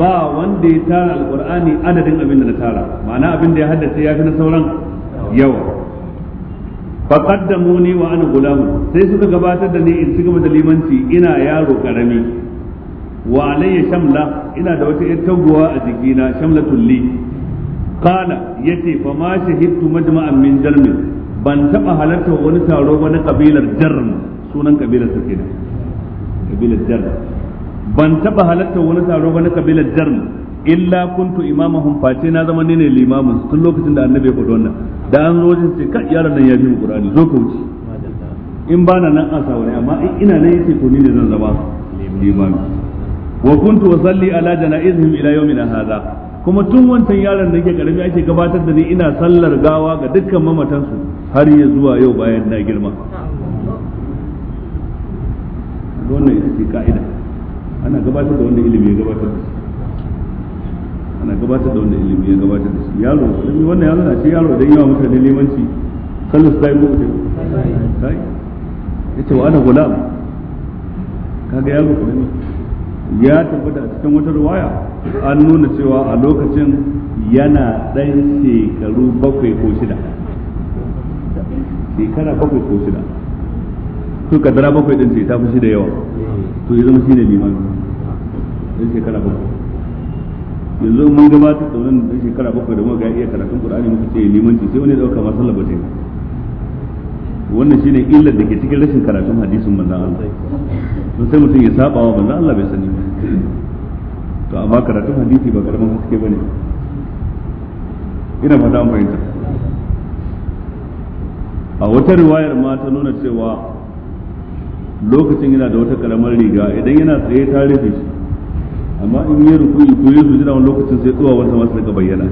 ba wanda ya tara alkur'ani adadin abin da na tara ma'ana abin da ya haddace ya fi na sauran yawa ni wa ana gulamu sai suka gabatar da ni in ci gaba da limanci ina yaro karami wa alayya shamla ina da wata yar taguwa a jikina shamlatul li qala yace fa ma shahidtu majma'an min jarmin ban taba halarta wani taro wani kabilar jarm sunan kabilar sa kenan kabilar ban taba halartar wani taro ba na kabilar jarm illa kuntu imamahum face na zama ne ne limamin tun lokacin da annabi ya faɗi wannan da an zo wajen ce kai yaron nan ya fi mu qur'ani zo ka wuce in bana nan a sa amma in ina nan yace to ni ne zan zama limami wa kuntu usalli ala janaizihim ila yawmin hadha kuma tun wancan yaron da yake karami ake gabatar da ni ina sallar gawa ga dukkan mamatansu har ya zuwa yau bayan na girma wannan ita ce ka'ida ana gabatar da wanda ilimi ya gabatar da shi ana gabatar da wanda ilimi ya gabatar da shi yaro sai wannan yaro na ce yaro dan yawa mutane limanci kallon sai mu ce sai yace wa ana gulam kaga yaro ne ya tabbata cikin wata ruwaya an nuna cewa a lokacin yana ɗan shekaru bakwai ko shida shekara bakwai ko shida su ka kadara bakwai din ce ta fi shi da yawa to ya zama shi ne liman dan shekara bakwai yanzu mun gabata da wannan dan shekara bakwai da muka iya karatun qur'ani muka ce limanci sai wani dauka ma sallah bace wannan shine illar da ke cikin rashin karatun hadisin manzon Allah to sai mutum ya saba wa manzon Allah bai sani ba to amma karatun hadisi ba karamin haske bane ina fata an fahimta a wata riwayar ma ta nuna cewa lokacin yana da wata karamar riga idan yana tsaye ta rufe shi amma in yi rukuni ko yi sujada wani lokacin sai tsuwa wata masu daga bayyana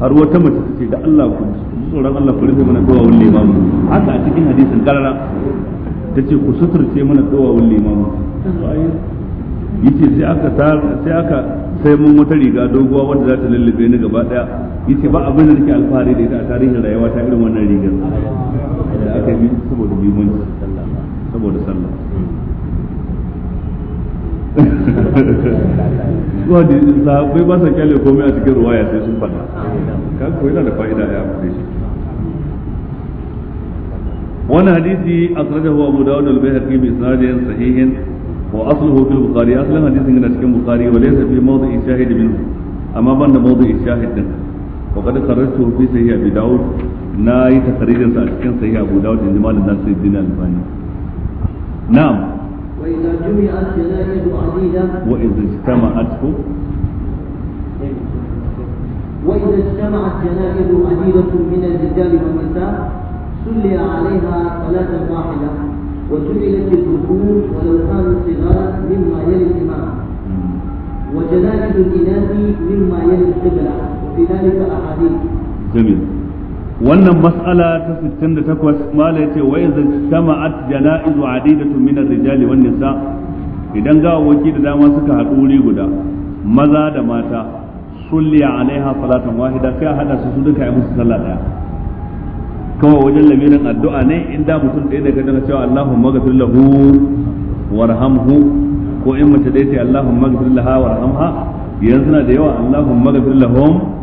har wata mace ta ce da Allah ku tsoron Allah ku rufe mana wani limamu haka a cikin hadisin karara ta ce ku suturce mana wani limamu yace sai aka sai aka sai mun wata riga doguwa wanda za ta lullube ni gaba daya ce ba abin da nake alfahari da ita a tarihin rayuwa ta irin wannan rigar da aka yi saboda muhimmanci saboda sallah hmm. zuwa da yin bai ba sa kyale komai a cikin ruwaya sai sun fada ka ko yana da fa'ida ya amfane shi wani hadisi akhrajahu abu dawud al-bayhaqi bi sanadin sahihin wa asluhu fil bukhari aslan hadisin yana cikin bukhari wa laysa fi mawdi'i shahid minhu amma ban da mawdi'i shahid din wa kada kharrajtu fi sahih abi dawud na yi takaririn sa a cikin sahih abu dawud inda malam nasir din albani نعم وإذا جمعت جنائز عديدة وإذا اجتمعت وإذا اجتمعت جنائز عديدة من الرجال والنساء صلي عليها صلاة واحدة وجعلت الذكور ولو كانوا صغارا مما يلي الإمام وجنائز الإناث مما يلي القبلة وفي ذلك أحاديث جميل wannan mas'ala ta 68 mala yace wa idza jama'at janaizu adidatun min ar-rijali wan nisa idan ga gawawaki da dama suka haɗu wuri guda maza da mata sulliya alaiha salatan wahida sai a hada su su duka yi musu sallah daya kawai wajen lamirin addu'a ne in da mutum ɗaya daga daga cewa Allahumma ghafir lahu warhamhu ko in mace ɗaya ce Allahumma ghafir laha warhamha yanzu na da yawa Allahumma ghafir lahum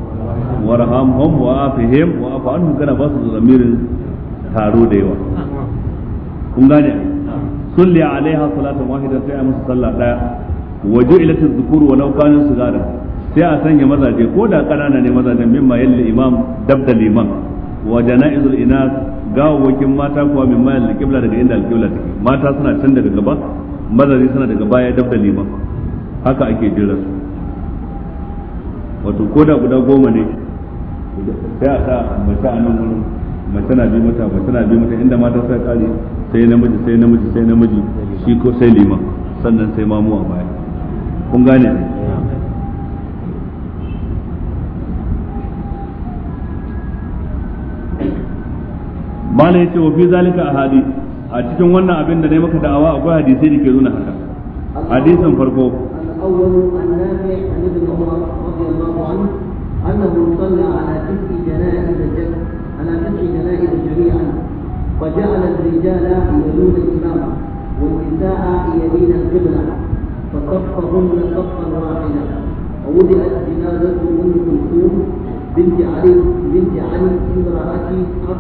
warhamhum wa afihim wa afu anhum kana basu zamirin taro da yawa kun gane sulli alaiha salatu wahida sai a musu sallah daya waju ila tadhkuru wa law kanu sigara sai a sanya mazaje ko da kanana ne mazajen mimma yalli imam dabda liman wa janaizul inas gawokin mata kuwa mimma yalli qibla daga inda alqibla take mata suna can daga gaba mazaje suna daga baya dabda liman haka ake jira su wato ko da guda goma ne sai a sa mace a nan wurin mace na bi mata mace na bi mata inda mata sai kare sai namiji sai namiji sai namiji shi ko sai liman sannan sai mamu a baya kun gane mala yace wa fi zalika ahadith a cikin wannan abin da dai maka da'awa akwai hadisi da ke nuna haka hadisin farko al-awwal an nafi' an ibn umar radiyallahu anhu أنه صلى على تسع جنائز على تسع جنائز جميعا فجعل الرجال يلون الإمام والنساء يلين القبلة فصفهن صفا واحدا ووضعت جنازة أم كلثوم بنت علي بنت علي امرأة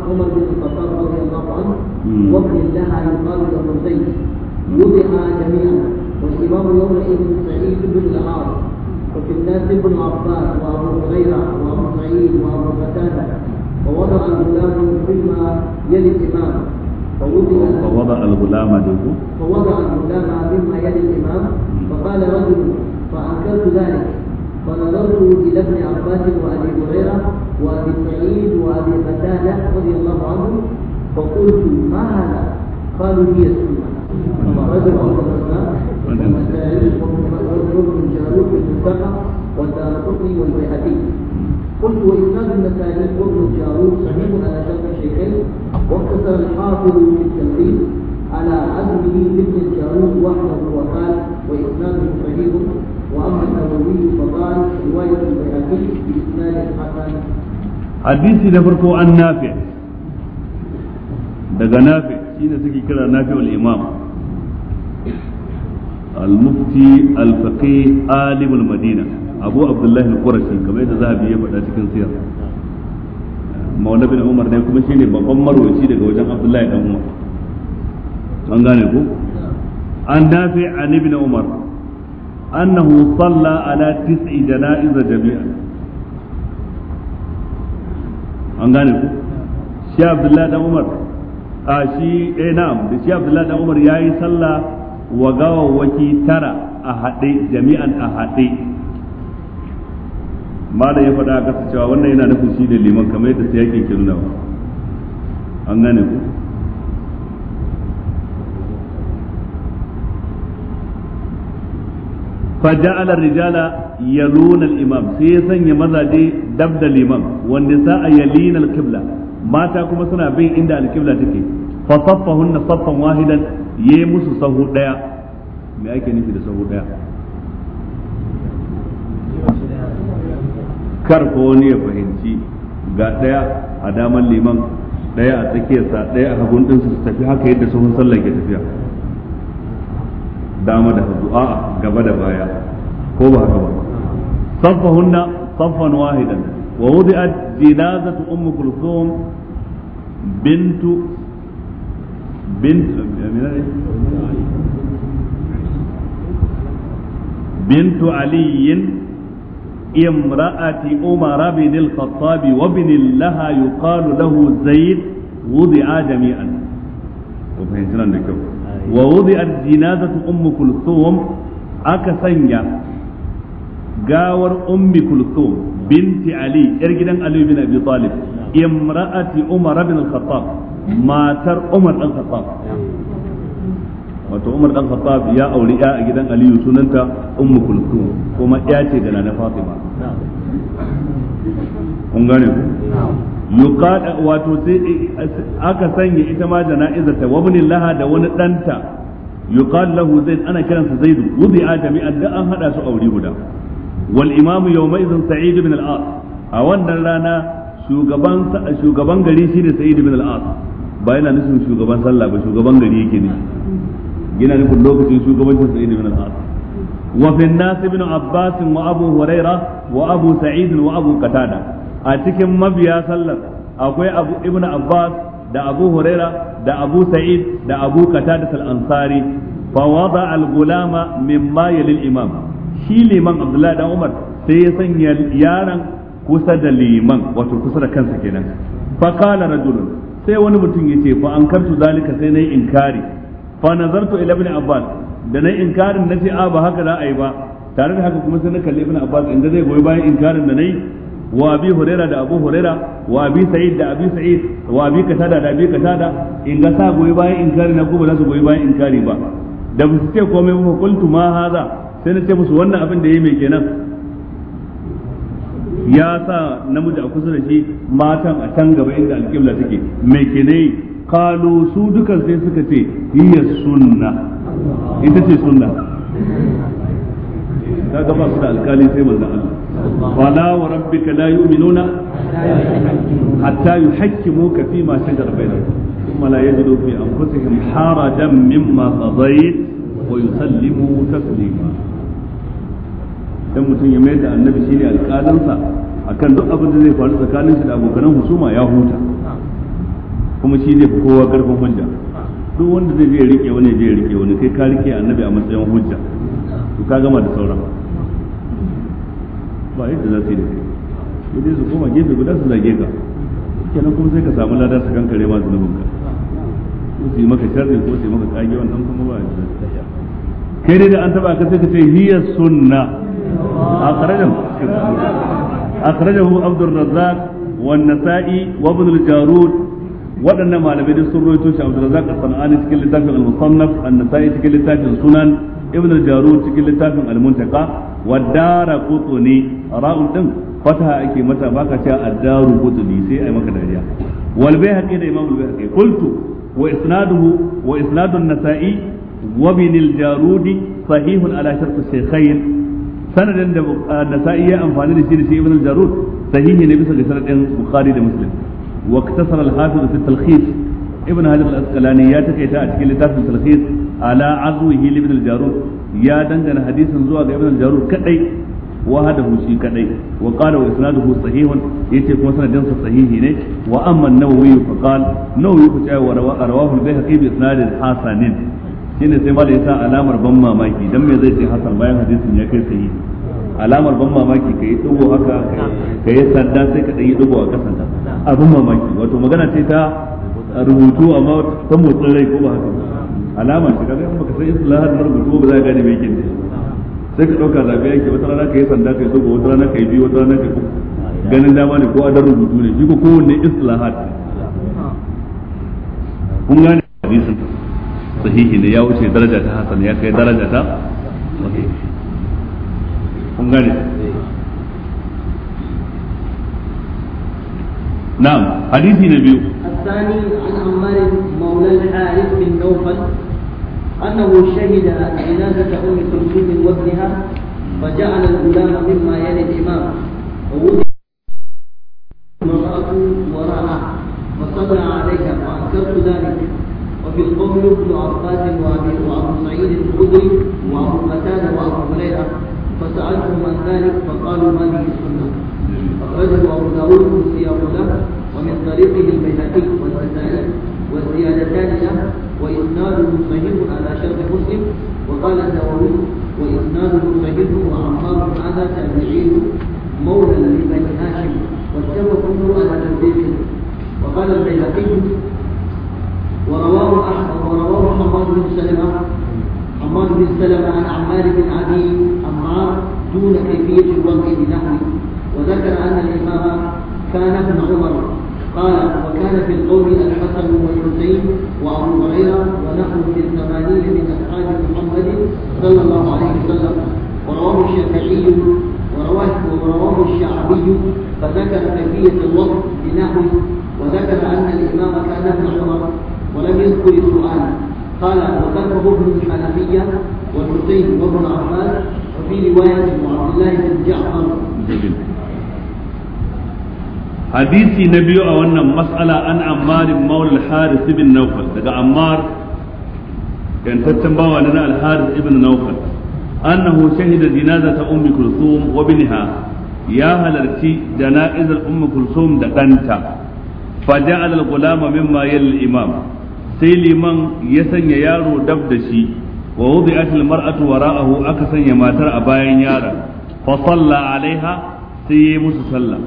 عمر بن الخطاب رضي الله عنه وابن لها يقال له وضع جميعا والإمام يومئذ سعيد بن العاص وفي الناس ابن عباس وابو هريره وابو سعيد وابو قتاده ووضع الغلام فيما يلي الامام فوضع الغلام ديكو فوضع الغلام مما يلي الامام فقال رجل فانكرت ذلك فنظرت الى ابن عباس وابي هريره وابي سعيد وابي قتاده رضي الله عنهم فقلت ما هذا؟ قالوا هي السنه فخرجه عبد الرزاق المتقى المنتقى والدارقطني والبيهقي قلت وإسناد النسائي وابن الجارود صحيح على شرط الشيخين واقتصر الحافظ في التنفيذ على عزمه ابن الجارود وحده وقال وإسناده صحيح وأما النووي فقال رواية البيهقي بإسناد حسن حديثي لفرقه عن نافع daga nafi shi ne suke kira nafi al-mufti al-faqih alimul madina abu abdullahi al-qurashi kamar yadda zahabi ya yi cikin siyar maula bin umar ne kuma shine babban marwaci daga wajen abdullahi dan umar an gane ko an dafi an ibn umar annahu salla ala tis'i janaiz jami'an an gane ko shi abdullahi dan umar a shi eh na'am da shi abdullahi umar sallah wa gawawwaki tara a haɗe jami'an a haɗe mala ya faɗa a cewa wannan yana nufin shi da liman kamar yadda sai yake ke nuna an gane ku فجعل الرجال يلون الإمام سيسن يمزاجي دبد الإمام والنساء يلين القبلة ماتا كما سنة بين عند القبلة تكي فصفهن صفا واحدا yi musu sahu daya me ake nufi da sahu daya kar ko wani ya fahimci ga daya a daman liman daya a tsakiyarsa daya a hagun ɗinsu su tafi haka yadda sahun sallah ke tafiya dama da hagu a'a gaba da baya ko ba haka ba saffahunna saffan wahidan wa wudi'at jinazatu ummu kulthum bintu بنت بنت علي امرأة عمر بن الخطاب وابن لها يقال له زيد وضع جميعا ووضعت جنازة أم كلثوم أكسنيا جاور أم كلثوم بنت علي ارجدا علي بن أبي طالب امرأة عمر بن الخطاب matar Umar dan Khattab wato Umar dan Khattab ya auri ya a gidan Aliyu sunanta Ummu Kulthum kuma ya ce da na Fatima kun gane ku yuqada wato sai eh, aka sanya ita ma jana'izar ta wabni laha da wani danta yuqal lahu zaid ana kiransa zaid wudi'a jami'an da an hada su aure guda wal imamu yawma idhin sa'id ibn al-as a wannan rana shugaban shugaban gari shine sa'id bin al-as ba yana nufin shugaban sallah ba shugaban gari yake ne yana nufin lokacin shugabancin sa'id ibn al-as wa fi nas ibn abbas wa abu huraira wa abu sa'id wa abu qatada a cikin mabiya sallar akwai abu ibn abbas da abu huraira da abu sa'id da abu qatada al-ansari fa wada al-gulama mimma yalil imam shi liman abdullahi dan umar sai ya sanya yaran kusa da liman wato kusa da kansa kenan fa qala rajulun sai wani mutum ya ce fa an kartu zalika sai na yi inkari fa nazartu ila ibn abbas da na inkarin na ce a ba haka za a yi ba tare da haka kuma sai na kalli ibn abbas inda zai goyi bayan inkarin da na yi wa abi huraira da abu huraira wa abi sa'id da abi sa'id wa abi katada da abi katada in ga sa goyi bayan inkari na ko za su goyi bayan inkari ba da su ce komai ba qultu ma haza sai na ce musu wannan abin da yayi mai kenan ya sa namiji a kusa da shi matan a can gaba inda alƙibla take me kenai kalu su dukan sai suka ce hiya sunna ita ce sunna ka gaba su da alƙali sai manzan Allah wala wa rabbika la yu'minuna hatta ka fi ma shajar bainahum thumma la yajidu fi anfusihim harajan mimma qadayt wa yusallimu taslima dan mutum ya mayar da annabi shi ne alƙalansa a kan duk abin da zai faru tsakanin shi da abokanan husuma ya huta kuma shi zai fi kowa ƙarfin hujja duk wanda zai je riƙe wani zai riƙe wani kai ka rike annabi a matsayin hujja to ka gama da sauran ba yadda za su yi da kai dai su koma gefe guda su zage ka kenan kuma sai ka samu lada su kankare ma zunubin ka ko su yi maka sharri ko su yi maka kage wannan kuma ba yadda kai dai da an taba ka sai ka ce hiya sunna أخرجه أخرجه عبد الرزاق والنسائي وابن الجارود waɗannan malamai duk sun roito shi Abdulrazak As-Sanani cikin littafin Al-Musannaf An-Nasa'i cikin littafin Sunan Ibn al-Jarud cikin littafin Al-Muntaka wa Dara Qutni ra'un din fataha ake mata baka cewa ad-daru qutni sai ai maka dariya wal bayhaqi da Imam al-Bayhaqi qultu wa isnaduhu wa isnadu an-Nasa'i wa bin al-Jarudi sahihun ala shart as sanadin da ah, nasa'i ya amfani da shi da shi ibn al-jarud sahihi ne bisa ga sanadin bukhari da muslim wa iktasara al-hafiz fi talkhis ibn hajar al-asqalani ya takaita a cikin littafin talkhis ala azwihi ibn al-jarud ya dangana hadisin zuwa ga ibn al-jarud kadai wa hadahu shi kadai wa qala wa isnaduhu sahihun yace kuma sanadin sa sahihi ne wa amma an-nawawi fa qala nawawi fa wa rawahu al-bayhaqi bi isnadin hasanin shine sai malai sa alamar ban mamaki dan me zai ce hasan bayan hadisin ya kai sahihi alamar ban mamaki ka yi dugo haka ka yi sanda sai ka dan yi dugo a kasan ta mamaki wato magana ce ta rubutu amma ta motsin rai ko ba haka kaga in baka san na rubutu ba za ka gane me yake ne sai ka dauka zabe yake wata rana ka yi sanda ka yi dugo wata rana ka yi wata rana ka yi ganin dama ne ko rubutu ne shi ko kowanne kun gane hadisin sahihi ne ya wuce daraja ta hasan ya kai daraja ta sahihi kun gane نعم حديث نبي الثاني عن عمار مولى الحارث بن نوفل أنه شهد جنازة أم كلثوم وابنها فجعل الغلام مما يلي الإمام ووضع المرأة وراءه فصبر عليها فأنكرت ذلك بالقول بن عباس وابي وابو سعيد الخدري وابو قتاده وابو هريره فسالتهم عن ذلك فقالوا ما به السنه اخرجه ابو داود وسياق له ومن طريقه البيهقي والنسائي والزيادتان له واسناده صحيح على شرط مسلم وقال النووي واسناده صحيح وعمار هذا تابعين مولى لبني هاشم واتفقوا على تنزيله وقال البيهقي ورواه أحمد ورواه حماد بن سلمة حماد بن سلمة عن عمار بن عدي عمار دون كيفية الوضع بنحوه وذكر أن الإمام كان ابن عمر قال وكان في القوم الحسن والحسين وابو هريره ونحن في الثمانين من اصحاب محمد صلى الله عليه وسلم ورواه الشافعي ورواه ورواه الشعبي فذكر كيفيه الوصف بنحو وابن وفي الله بن جعفر hadisi na biyu a wannan matsala an ammarin maulal haris ibn naufal daga ammar yantaccen bawa na al-haris ibn naufal annahu shahida jinazata ummi kulsum wa ya halarci jana'izar ummi kulsum da ɗanta. fa ja'ala al-ghulama mimma imam sai liman ya sanya yaro dab da shi wa wudi'at almar'atu wara'ahu aka sanya matar a bayan yaron fa salla alaiha sai yayi musu sallah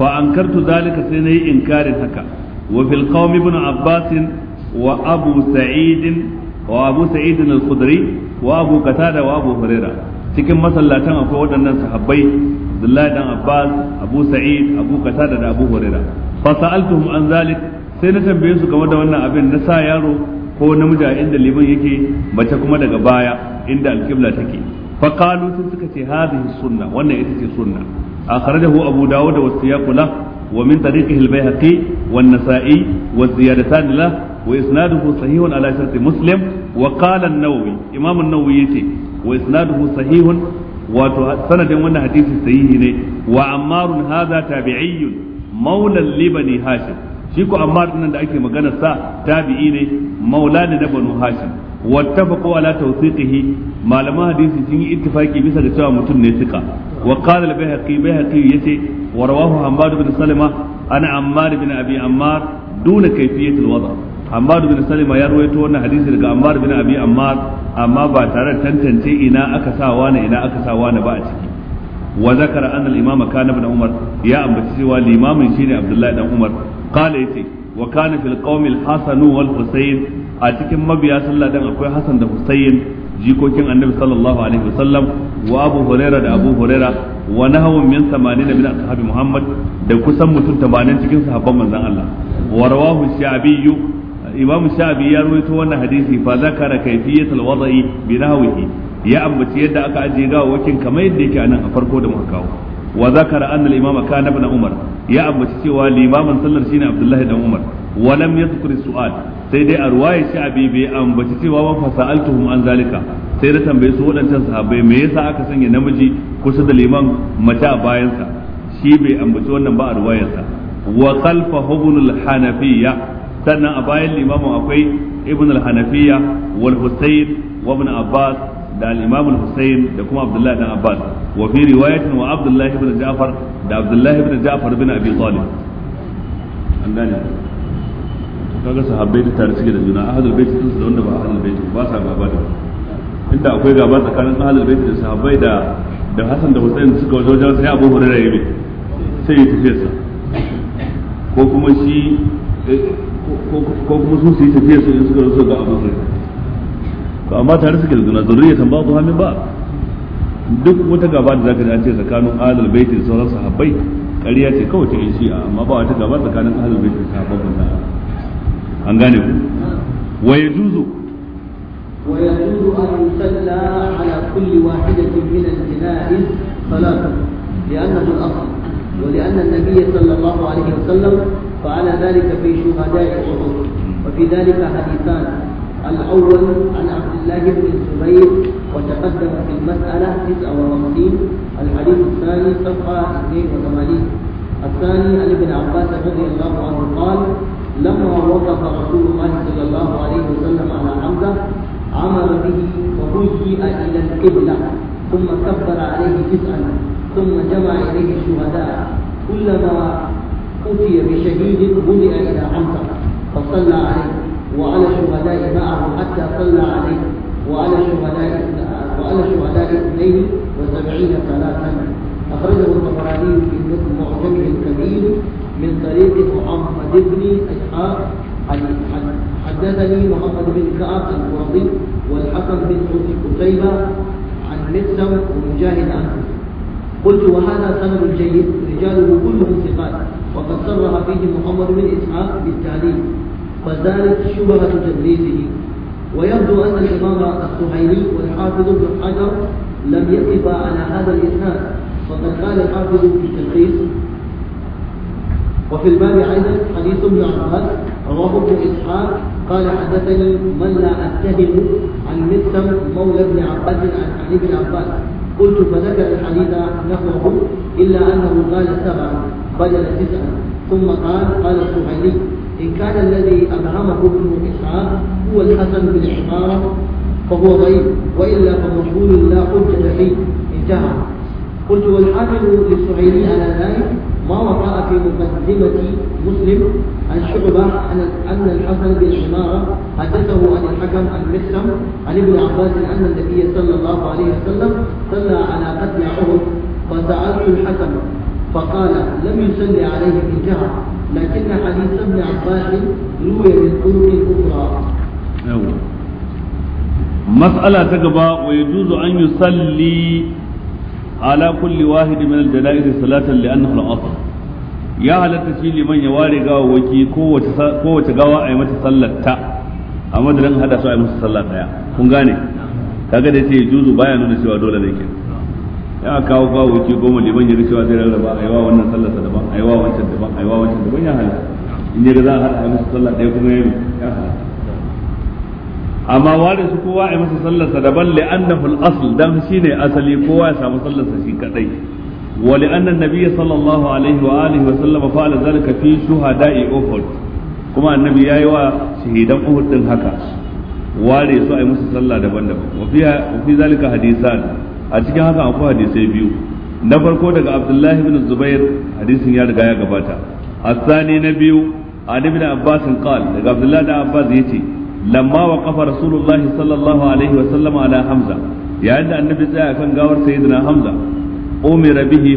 fa ankartu zalika sai nayi inkarin haka wa fil qawmi ibn abbas wa abu sa'id wa abu sa'id al-khudri wa abu qatada wa abu hurairah cikin masallatan akwai waɗannan sahabbai Abdullahi dan Abbas Abu Sa'id Abu Qatada da Abu Huraira fa sa'altuhum an zalika. sai na tambaye su game da wannan abin na sa yaro ko namiji a inda liman yake mace kuma daga baya inda alkibla take fa qalu sun suka ce hadhihi sunna wannan ita ce sunna akhrajahu abu dawud wa siyaqula wa min tariqihi al-bayhaqi wa an-nasa'i wa ziyadatan la wa isnaduhu sahihun ala shart muslim wa qala an-nawawi imam an-nawawi yace wa isnaduhu sahihun wato sanadin wannan hadisi sahihi ne wa ammarun hadha tabi'iyyun maulan libani hashim shi ko amma nan da ake magana sa tabi'i ne maula ne na banu hashim wattafaqu ala tawthiqihi malaman hadisi sun yi ittifaki bisa ga cewa mutum ne suka wa qala al-bayhaqi bayhaqi yace wa rawahu hammad bin salama ana ammar bin abi ammar duna kayfiyat al-wada ammar bin salama ya ruwaito wannan hadisi daga ammar bin abi ammar amma ba tare da tantance ina aka sa wani ina aka sa wani ba a ciki wa zakara anna imama umar ya ambaci cewa limamin ne abdullahi dan umar qala yace wa kana fil qaumi wal husayn a cikin mabiya sallah dan akwai hasan da husayn jikokin annabi sallallahu alaihi wasallam wa abu huraira da abu huraira wa 80 min ashabi muhammad da kusan mutum 80 cikin sahabban manzon Allah wa rawahu shabi imamu ya rawaito wannan hadisi fa zakara kayfiyatul wada'i bi nahwihi ya ambaci yadda aka ajiye wakin kamar yadda yake anan a farko da muka kawo wa zakara anna al-imama kana ibn umar ya ambaci cewa limamin sallar shine abdullahi dan umar wa lam yadhkur su'al sai dai a shi sha'abi bai ambaci cewa ba fa sa'altuhum an zalika sai da tambaye su waɗancan sahabbai me yasa aka sanya namiji kusa da liman mace a bayansa shi bai ambaci wannan ba a ruwayarsa wa khalfa ibn al-hanafiyya sannan a bayan limamin akwai ibn al-hanafiyya wal husayn wa ibn abbas da al-Imam al-Husayn da kuma Abdullah ibn Abbas wa fi riwayatin wa Abdullah ibn Ja'far da Abdullah ibn Ja'far bin Abi Talib an gane kaga sahabbai da tare suke da juna bait sun da wanda ba bait ba sa gaba da inda akwai gaba tsakanin ahadul bait da sahabbai da da Hassan da suka wajen sai Abu Hurairah yayi sai ya tafi sa ko kuma shi eh, ko kuma su su yi tafiya su in suka zo ga Abu Hurairah to amma tare suke da juna zurriyatan babu hamin ba duk wata gaba da zaka ji an ce tsakanin ahlul bait da sauran sahabbai ƙarya ce kawai ta yin shi'a amma ba wata gaba tsakanin ahlul bait da sahabban banza an gane ku wa yajuzu wa yajuzu an yusalla ala kulli wahidatin min al-jana'iz salatu li'annahu al-asl ولأن النبي صلى الله عليه وسلم فعل ذلك في شهداء أحد وفي ذلك حديثان الأول عن عبد الله بن الزبير وتقدم في المسألة 59 الحديث الثاني صفحة 82 الثاني عن ابن عباس رضي الله عنه قال لما وقف رسول الله صلى الله عليه وسلم على حمزة عمر به وهيئ إلى القبلة ثم كبر عليه جزءا ثم جمع إليه الشهداء كلما أتي بشهيد بدأ إلى حمزة فصلى عليه وعلى شهداء معه حتى صلى عليه وعلى شهداء وعلى شهداء اثنين وسبعين صلاة أخرجه الطبراني في معجمه الكبير من طريق محمد بن إسحاق حدثني محمد بن كعب القرظي والحسن بن قتيبة عن مسلم ومجاهد عنه قلت وهذا سند جيد رجاله كلهم ثقات وقد صرح فيه محمد بن إسحاق بالتعليل فزالت شبهة تدريسه ويبدو أن الإمام السهيلي والحافظ ابن حجر لم يقفا على هذا الإسناد فقد قال الحافظ في التلخيص وفي الباب أيضا حديث ابن عباس رواه ابن إسحاق قال حدثني من لا أتهم عن مسلم مولى ابن عباس عن علي بن عباس قلت فذكر الحديث نحوه إلا أنه قال سبعا بدل تسعا ثم قال قال الصهيلي إن كان الذي أبهمه ابن إسحاق هو الحسن بالعبارة فهو غيب وإلا فمجهول لا حجة فيه انتهى قلت والحافظ للسعيدي على ذلك ما وقع في مقدمة مسلم عن شعبة أن الحسن بن حمارة حدثه عن الحكم عن مسلم عن ابن عباس أن النبي صلى الله عليه وسلم صلى على قتل عهد فسألت الحكم فقال لم يصلي عليه انتهى لكن حديث ابن عباس روي من طرق أخرى مسألة تقبى ويجوز أن يصلي على كل واحد من الجنائز صلاة لأنه الأصل ya halatta shi liman ya ware gawawwaki kowace gawa a yi mata sallar ta a madadin hada su a yi masa sallar daya kun gane kaga da ce juzu baya nuna cewa dole ne ya kawo babu ce goma liban ya rikewa zai rarraba a yawa wannan sallarsa daban a yawa wancan daban a yawa wancan daban ya halatta in ya za a haɗa musu sallah ɗaya kuma ya yi halatta amma ware su kowa a masa sallarsa daban li'annahu al-asl dan shine asali kowa ya samu sallarsa shi kadai wa li'anna an-nabiy sallallahu alaihi wa alihi wa sallama fa'ala zalika fi shuhada'i uhud kuma annabi yayi wa shahidan uhud din haka ware su a musu sallah daban-daban wa fi zalika hadisan a cikin haka akwai hadisai biyu na farko daga abdullahi ibn zubair hadisin ya riga ya gabata asani na biyu an ibn abbas qal daga abdullahi da abbas yace lamma waqafa rasulullahi sallallahu alaihi wa sallama ala hamza yayin da annabi tsaya kan gawar sayyidina hamza umira bihi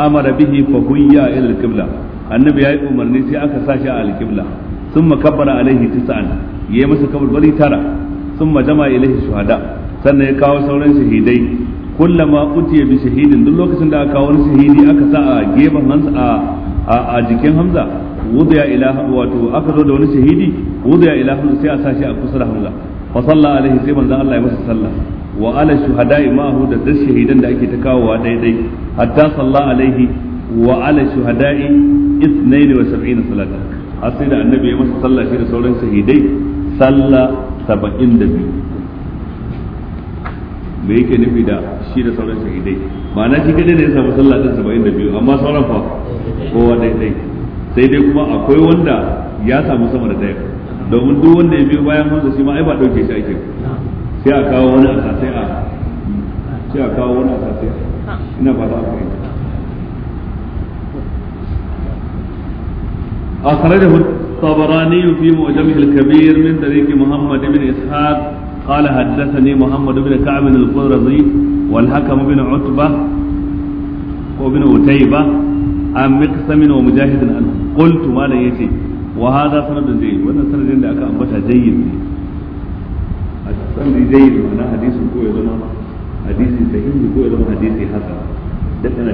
amara bihi fa huyya ila al-qibla annabi yayi umarni sai aka sashi a al-qibla thumma kabbara alaihi tis'an yayi masa bari tara thumma jama'a ilaihi shuhada sannan ya kawo sauran shahidai kullama utiya bi shahidin duk lokacin da aka kawo wani shahidi aka sa a gefen hansa a a jikin hamza wudiya ila wato aka zo da wani shahidi wudiya ila hamza sai a sa shi a kusa da hamza fa salla alaihi sai manzo Allah ya masa sallah wa ala shuhada'i ma'ahu da duk shahidan da ake ta kawo kawowa daidai hatta salla alaihi wa ala shuhada'i 72 salata har sai da annabi ya masa sallah shi da sauran shahidai sallah 72 me yake nufi da shi da sauran shahidai ma'ana shi kadai ne ya samu sallah din 72 amma sauran fa kowa dai dai sai dai kuma akwai wanda ya samu sama da daya domin duk wanda ya biyo bayan wanda shi ma ai ba dauke shi ake sai a kawo wani a sai a sai a kawo wani a sai ina ba za a fahimta أخرجه الطبراني في معجمه الكبير من طريق محمد بن إسحاق قال حدثني محمد بن كعب القرظي wal hakam bin utba ko bin utayba an miqsamin wa mujahidin an qultu ma lan yace wa hadha sanadun da aka ambata jayyid ne a sanadin jayyid ma'ana hadisin ko ya zama hadisi sahihi ko ya zama hadisi hasan duk ana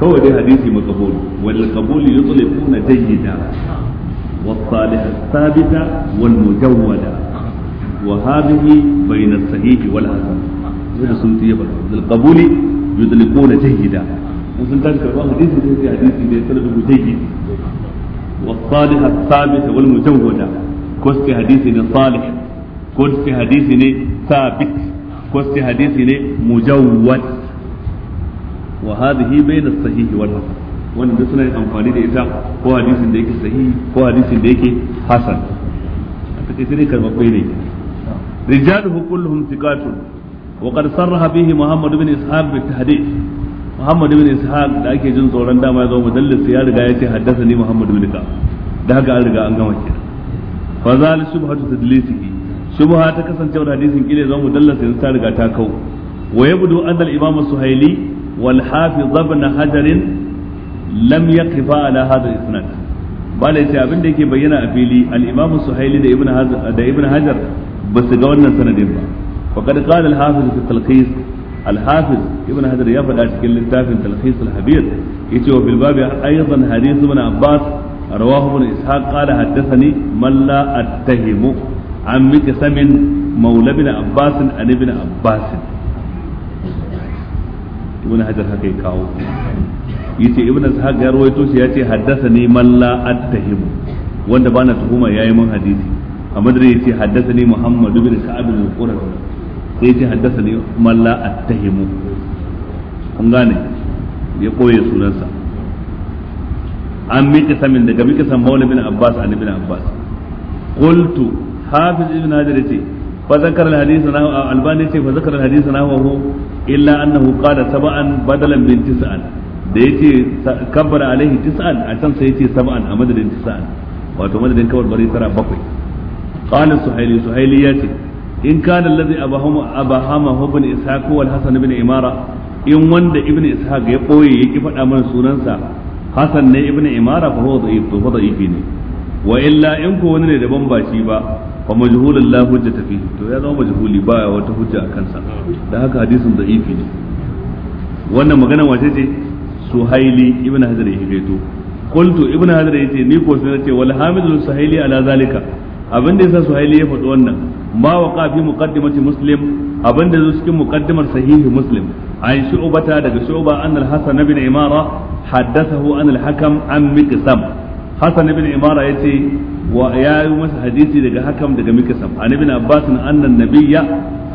kawai dai hadisi makabul wal qabul yutlifuna jayyida والصالح الثابتة والمجودة وهذه بين الصحيح والحسن kamar da sun tiye bala zul qabuli yudlikuna jayyida sun ta karba hadisi da hadisi da wa salih wal mujawwada ko sai hadisi ne salih ko sai hadisi ne ko sai hadisi ne mujawwad wa hadhihi bayna sahih wal hasan wannan duk suna amfani da ita ko hadisin da yake sahihi ko hadisin da yake hasan a take sai karbabai ne rijaluhu kulluhum thiqatun وقد صرح به محمد بن إسحاق بالتحديث محمد بن إسحاق da ake jin tsoron dama ya zo mudallis ya riga ya ce haddasa ni Muhammad bin Ka da haka an riga an gama kira fa zal shubhatu tadlisihi shubha ta kasancewar hadisin kile zo mudallis yanzu ta riga ta kau wa yabdu anna al-imam suhaili wal hafiz ibn hajar lam yaqifa ala hadha al-isnad bale sai abin da yake bayyana a fili al-imam suhaili da ibn hajar da ibn hajar ba su ga wannan sanadin ba وقد قال الحافظ في التلخيص الحافظ ابن حجر يا فدا cikin littafin تلخيص الحبير yace wa bil babi حديث ابن عباس رواه ابن اسحاق قال حدثني من لا اتهم عن مكسم مولى ابن عباس عن ابن عباس ابن حجر haka ya kawo yace ibn ishaq ya rawaito shi yace haddathani man la attahimu wanda bana tuhuma yayi mun hadisi amma dare yace haddathani sai ce haddasa ne malla an gane ya koye sunansa an samin daga miƙe san maula bin abbas an bin abbas qultu hafiz ibn hajar yace fa zakara al hadith na albani yace fa zakara al hadith na huwa illa annahu qala sab'an badalan min tis'an da yace kabbara alaihi tis'an a can sai yace sab'an a madadin tis'an wato madadin kawar bari tara bakwai qala yace in kana allazi abahama abahama ibn ishaq wal hasan ibn imara in wanda ibn ishaq ya boye yake faɗa mana sunansa hasan ne ibn imara fa huwa da'if to fa da'ifi ne wa illa in ko wani ne daban ba shi ba fa majhulun la hujjata fihi to ya zama majhuli ba ya wata hujja a kansa dan haka hadisin da'ifi ne wannan magana wace ce suhaili ibn hajar ya hikaito qultu ibn hajar yace ni ko sai ce wal hamidul suhaili ala zalika abin da yasa suhaili ya faɗi wannan ma waqa fi muqaddimati muslim abinda zo cikin muqaddimar sahihi muslim an shu'bata daga shu'ba an al-hasan ibn imara haddathahu an an miqsam hasan ibn imara yace wa ya yi masa hadisi daga hakam daga miqsam an abbas an-nabiyya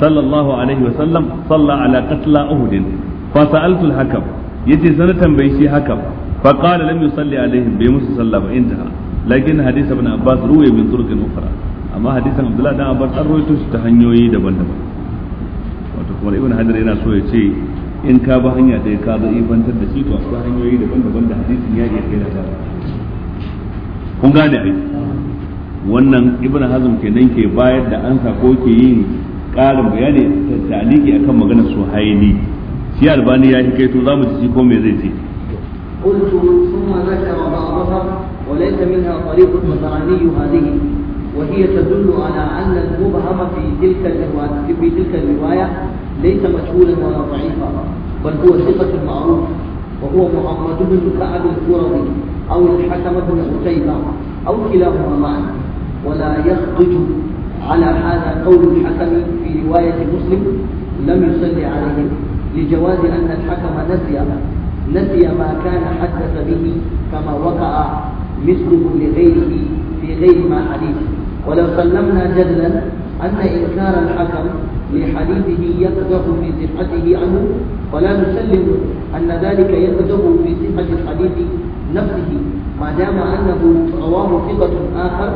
sallallahu alaihi wa sallam salla ala qatla uhud fa sa'altu al-hakam yace sana tambaye shi hakam fa qala lam yusalli alaihim bai lakin amma hadisin abdullahi dan abbas an rawaito shi ta hanyoyi daban-daban wato kuma ibn hajar yana so ya ce in ka ba hanya da ka ga ibantar da shi to akwai hanyoyi daban-daban da hadisin ya iya kai da kun gane ai wannan ibn hazm kenan ke bayar da ansa ko ke yin ƙarin bayani taliki akan su suhaili shi albani ya kai to zamu ji ci ko me zai ce قلت ثم ذكر بعضها وليس منها طريق المتعني هذه وهي تدل على أن المبهم في تلك الرواية في تلك الرواية ليس مجهولا ولا ضعيفا بل هو ثقة معروف وهو محمد بن كعب الكروي أو الحكم بن قتيبة أو كلاهما معا ولا يخرج على هذا قول الحكم في رواية مسلم لم يصلي عليه لجواز أن الحكم نسي نسي ما كان حدث به كما وقع مثله لغيره في غير ما حديث ولو سلمنا جدلا أن إنكار الحكم لحديثه يقدح في صحته عنه ولا نسلم أن ذلك يقدح في صحة الحديث نفسه ما دام أنه رواه ثقة آخر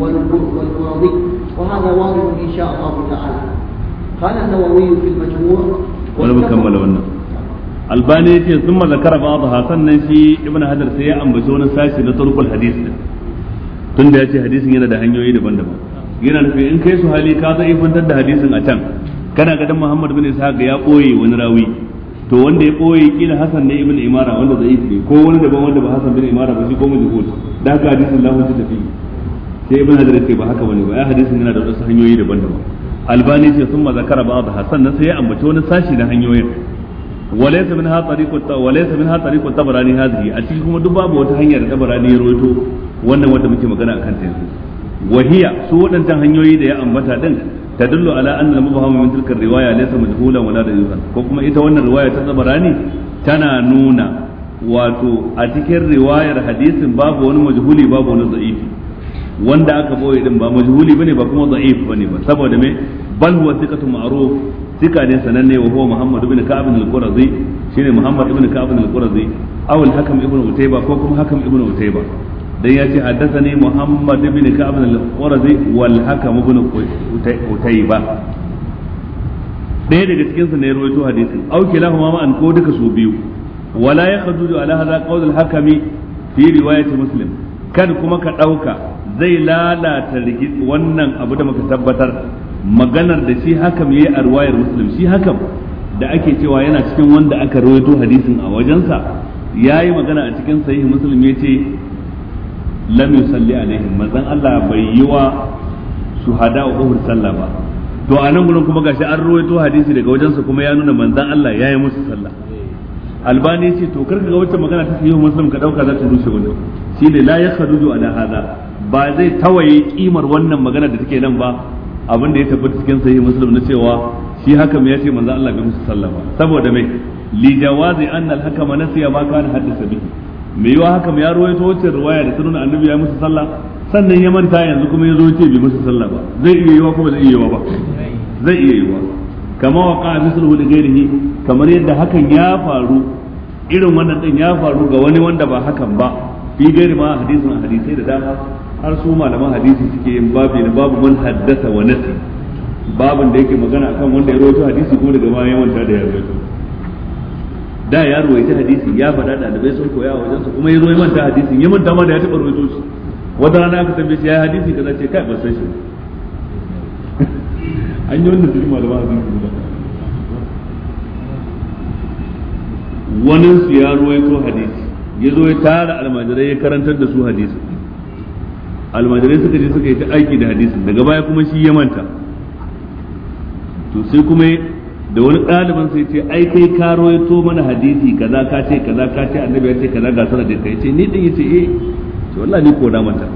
والقرضي وهذا واضح إن شاء الله تعالى قال النووي في المجموع ولو كمل الباني ثم ذكر بعضها سنن ابن ibn hajar sai ya ambaci wani sashi tun da ya ce hadisin yana da hanyoyi daban-daban yana nufin in kai su hali ka za fantar da hadisin a can kana ga dan Muhammad bin Ishaq ya boye wani rawi to wanda ya boye kila Hassan ne ibn Imara wanda zai yi ko wani daban wanda ba Hassan bin Imara ba shi ko majhul da haka hadisin lahu ta tafi sai ibn Hajar ce ba haka bane ba ya hadisin yana da wasu hanyoyi daban-daban Albani ce sun ma zakara ba da Hassan nan sai ya ambaci wani sashi na hanyoyin walaysa min ha tariqu walaysa min ha tariqu tabarani hadhihi a cikin kuma duk babu wata hanyar tabarani ya roito wannan wanda muke magana akan ta yanzu wahiya su waɗancan hanyoyi da ya ambata din tadullu ala anna al-mubhamu min tilka riwaya laysa majhulan wala dayuhan ko kuma ita wannan riwaya ta tabarani tana nuna wato a cikin riwayar hadisin babu wani majhuli babu wani za'ifi. wanda aka boye din ba majhuli bane ba kuma da'if bane ba saboda me bal huwa thiqatu ma'ruf thika ne sananne wa huwa muhammad ibn ka'ab al-qurazi shine muhammad ibn ka'ab al-qurazi aw al-hakam ibn utayba ko kuma hakam ibn utayba dan ya ce haddathani Muhammad ibn Ka'ab al-Qurazi wal Hakam ibn Utayba ɗaya daga cikin su ne rawaito hadisin aw kilahuma ma an ko duka su biyu wala yakhruju ala hadha qawl al-Hakami fi riwayati Muslim kan kuma ka dauka zai lalata wannan abu da muka tabbatar maganar da shi hakam yayi a riwayar Muslim shi hakam da ake cewa yana cikin wanda aka rawaito hadisin a wajensa yayi magana a cikin sahih Muslim yace lam yusalli alaihim manzon Allah bai yi wa shuhada Uhud sallah ba to a nan gurin kuma gashi an ruwaito hadisi daga su kuma ya nuna manzon Allah yi musu sallah albani ce to karka ga wacce magana ta sayi muslim ka dauka za ta rushe wannan shine la yakhruju ala hada ba zai tawaye kimar wannan magana da take nan ba abin da ya tabbata cikin sahihi muslim na cewa shi haka ya ce manzon Allah bai musu sallah ba saboda mai li jawazi anna al hakama nasiya ma kana haddasa bihi me yiwa haka ya ruwaito wacce ruwaya da sanuna annabi ya musu sallah sannan ya manta yanzu kuma ya zo ce bai musu sallah ba zai iya yiwa kuma ba zai iya yiwa ba zai iya yiwa kama wa qa'a misluhu li ghairihi kamar yadda hakan ya faru irin wannan din ya faru ga wani wanda ba hakan ba fi gairi ma hadisin hadisai da dama har su malaman hadisi suke yin babi na babu man haddasa wa nasi babin da yake magana akan wanda ya rawaito hadisi ko daga baya ya manta da ya rawaito da ya ta hadisi ya faɗa ɗalibai sun koya wajen sa kuma ya zo ya manta hadisin ya manta ma da ya taɓa ruwaito shi wata rana aka tambaye shi ya hadisi kaza ce kai ba san shi an yi wannan jirgin malama sun kuma wani su ya ruwaito hadisi ya zo ya tara almajirai ya karantar da su hadisi almajirai suka je suka yi ta aiki da hadisin daga baya kuma shi ya manta to sai kuma da wani ɗaliban sai ce ai kai ka rawaito mana hadisi kaza ka ce kaza ka ce annabi ya ce kaza ga da kai ce ni din yace eh to wallahi ni ko da mata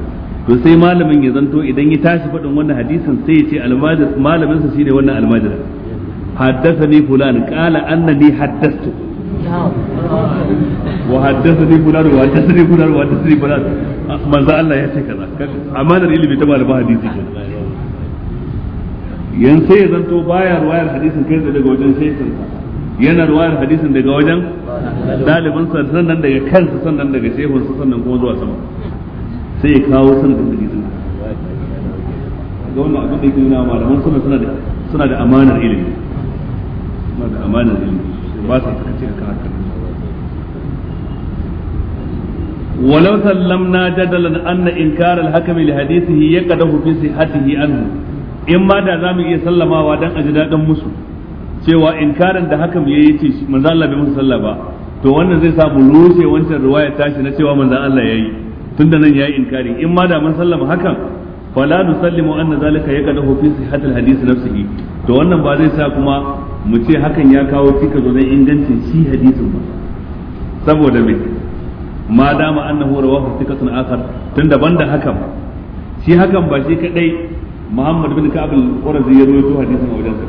to sai malamin ya zanto idan ya tashi faɗin wannan hadisin sai ya ce almajir malamin sa shine wannan almajir haddathani fulan qala annani haddathtu wa haddathani fulan wa haddathani fulan wa haddathani fulan manzo Allah ya ce kaza da ilimi ta malama hadisi kenan yan sai ya zanto baya ruwayar hadisin kai daga wajen shaikin yana ruwayar hadisin daga wajen dalibin sa sannan daga kansa sannan daga shehun sa sannan kuma zuwa sama sai ya kawo sanadin hadisin ga wannan abin da yake nuna malaman suna suna da suna da amanar ilimi suna da amanar ilimi ba sa suka ce akan haka ولو سلمنا جدلا أن إنكار الحكم لحديثه يقده في صحته عنه in ma da za mu iya sallamawa dan aji daɗin musu cewa inkarin da hakan yayi ce manzo Allah bai musu sallah ba to wannan zai sa mu rushe wancan riwaya tashi na cewa manzo Allah yayi tunda nan yayi inkari in ma da mun sallama hakan fala nusallimu anna zalika yakadahu fi sihhatil hadith nafsihi to wannan ba zai sa kuma mu ce hakan ya kawo cika zo dan ingancin shi hadisin ba saboda me ma dama annahu rawahu thiqatun akhar tunda banda hakan shi hakan ba shi kadai Muhammad bin Ka'ab al-Qurazi ya rawaito hadisin a wajensa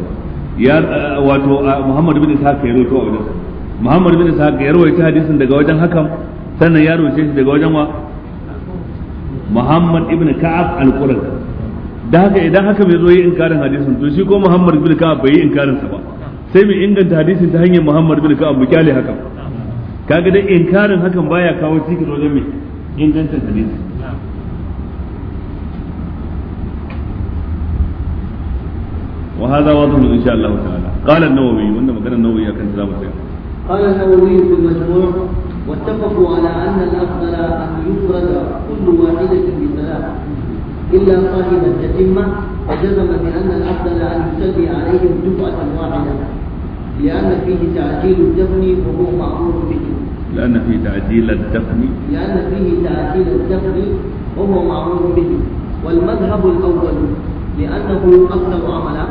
ya wato Muhammad bin Ishaq ya rawaito a wajensa Muhammad bin Ishaq ya rawaito hadisin daga wajen hakan sannan ya rawaito shi daga wajen wa Muhammad ibn Ka'ab al-Qurazi da haka idan haka bai zo yi inkarin hadisin to shi ko Muhammad bin Ka'ab bai yi inkarin sa ba sai mu inganta hadisin ta hanyar Muhammad bin Ka'ab mu kyale haka kaga dai inkarin hakan baya kawo cikin wajen mai inganta hadisi وهذا واضح ان شاء الله تعالى قال النووي وان مكان النووي كان سلام قال النووي في المجموع واتفقوا على ان الافضل ان يفرد كل واحده بثلاثه الا صاحب التتمه فجزم بان الافضل ان يسلي عليهم جمعه واحده لان فيه تعجيل الدفن وهو مامور به لأن فيه تعجيل الدفن لأن فيه تعجيل الدفن وهو معروف به والمذهب الأول لأنه أصدق عملا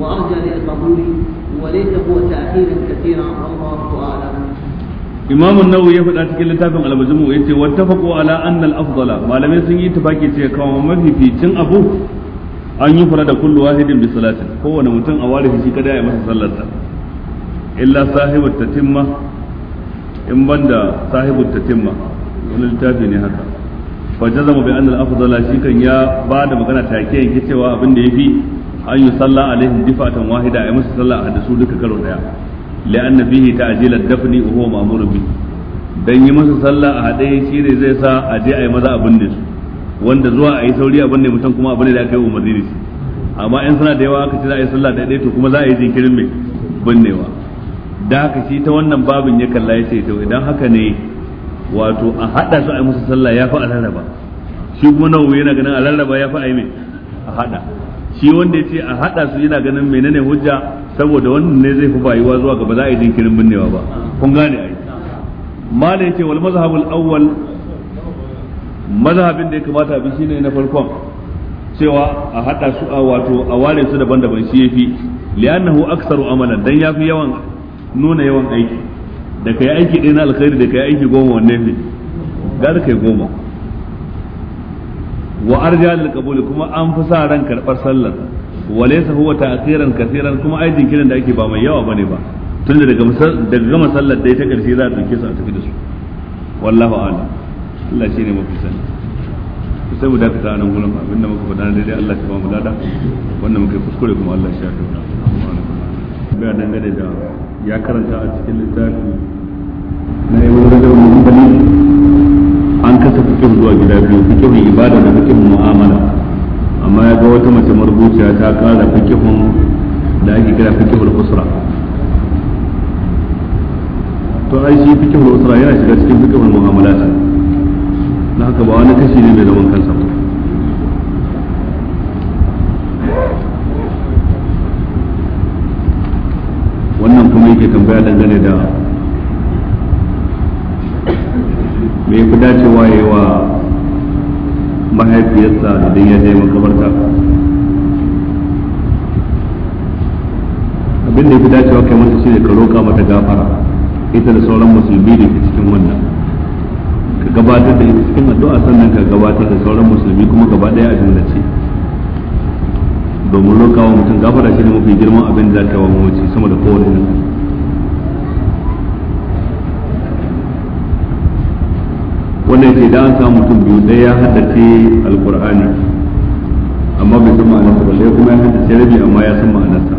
وأرجى للقبول وليس هو تأخيرا كثيرا والله أعلم Imam Nawawi ya faɗa cikin littafin al-Majmu yace wattafaqu ala anna al-afdala malamai sun yi tafaki ce kawo mafificin abu an yi fara da kullu wahidin bi salatin kowane mutum a ware shi kada ya masa sallar ta illa sahibu tatimma in banda sahibu tatimma wani littafi ne haka fa jazama bi anna al-afdala shi kan ya ba da magana take yake cewa abin da yafi an yi salla alaihim difatan wahida ay musu salla a dasu duka karo daya li'anna fihi ta'jil ad-dafni wa huwa ma'mur bi dan yi musu salla a hade shi ne zai sa a je ayi maza abin da su wanda zuwa ayi sauri abin ne mutum kuma abin da aka yi umarni da shi amma in suna da yawa aka ce za a yi sallah ɗaya to kuma za a yi jinkirin mai binnewa da haka shi ta wannan babin ya kalla ya ce to idan haka ne wato a hada su a yi musu sallah ya fi a shi kuma nawawi yana ganin a ya fi a yi mai a hada shi wanda ya ce a hada su yana ganin menene hujja saboda wannan ne zai fi bayuwa zuwa gaba za a yi jinkirin binnewa ba kun gane ai malai ce wal mazhabul awwal mazhabin da ya kamata bi shine na farkon cewa a hada su a wato a ware su daban-daban shi yafi li'annahu aktsaru amalan dan yafi yawan nuna yawan aiki da yi aiki ɗaya na alkhairi da yi aiki goma wanne ne ka kai goma wa arja lil kuma an fi sa ran karɓar sallar wa laysa huwa ta'khiran kaseeran kuma ai jinkirin da ake ba mai yawa bane ba tun daga daga gama sallar dai ta karshe za a dauke su a tafi da su wallahu a'lam Allah shine mafi sani sai mu dakata nan gurin abinda muka faɗa daidai Allah ya ba mu lada wannan muka kuskure kuma Allah ya shafe mu bayan dangane da ya karanta a cikin littafin na yi wani rajar mumbali an kasa fikin zuwa gida biyu fikin ibada da fikin mu'amala amma ya ga wata mace marubuciya ta kara fikihun da ake kira fikihul usra to ai shi fikihul usra yana shiga cikin fikihul mu'amalat na haka ba wani kashi ne mai zaman kansa ba wannan kuma yake tambaya dangane da fi dacewa ya yi wa mahaifiyarsa idan ya je makabarta abin da ya fi dacewa kai mata shi ne ka roƙa mata gafara ita da sauran musulmi da ke cikin wannan ka gabatar da ita cikin addu'a sannan ka gabatar da sauran musulmi kuma gaba ɗaya a jumlace domin roƙa wa mutum gafara shi ne mafi girman abin da ta wa mamaci sama da kowane nan wannan ce da an samu mutum biyu ɗaya ya haddace alkur'ani amma bai san ma'anarsa ba sai kuma ya haddace rabi amma ya san ma'anarsa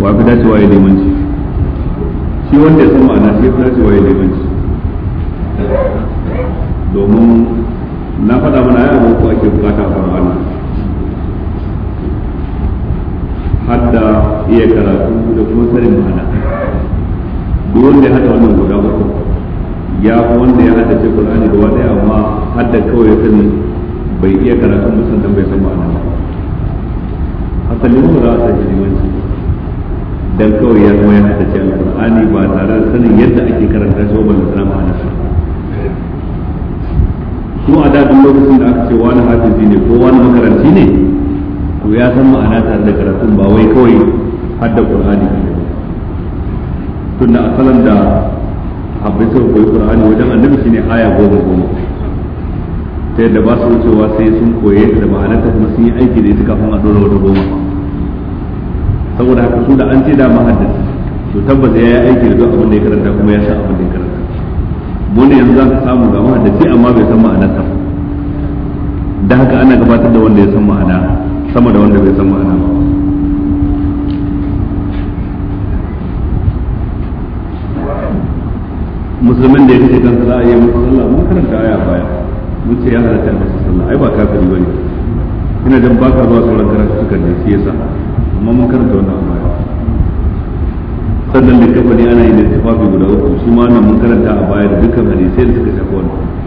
wa fi dacewa ya limanci shi wanda ya san ma'ana sai fi dacewa ya limanci domin na faɗa mana ya abu ko ake bukata a fara'ana hadda iya karatu da kuma sanin ma'ana duk wanda ya haɗa wannan guda uku ya fi wanda ya haddace Qur'ani gaba ɗaya amma hadda kawai ya sani bai iya karatun ba sannan bai san ma'ana ba asali ba za a sake limanci dan kawai ya zama ya haddace Al-Qur'ani ba tare da sanin yadda ake karanta shi ba da sanin ma'ana shi kuma a dadin lokacin da aka ce wani hadisi ne ko wani makaranti ne to ya san ma'ana ta da karatun ba wai kawai hadda Qur'ani ne tunda asalin da sahabbai suka koyi qur'ani wajen annabi shine aya goma goma ta yadda ba su wucewa sai sun koye ta da ma'anarta kuma sun yi aiki da ita kafin a dora wata goma saboda haka su da an ce da mahaddasa to tabbata ya yi aiki da duk abin da ya karanta kuma ya san abin da ya karanta ne yanzu za ka samu ga mahaddaci amma bai san ma'anarta da haka ana gabatar da wanda ya san ma'ana sama da wanda bai san ma'ana ba musulmin da ya kace kansa za a yi masa sallah mun karanta aya baya mun ce ya halatta masa sallah ai ba kafiri bane ina dan baka zuwa sauran karatu suka ne shi yasa amma mun karanta wannan baya sannan da kafani ana yin tafafi guda uku su ma nan mun karanta a baya da dukkan hadisai da suka shafi wannan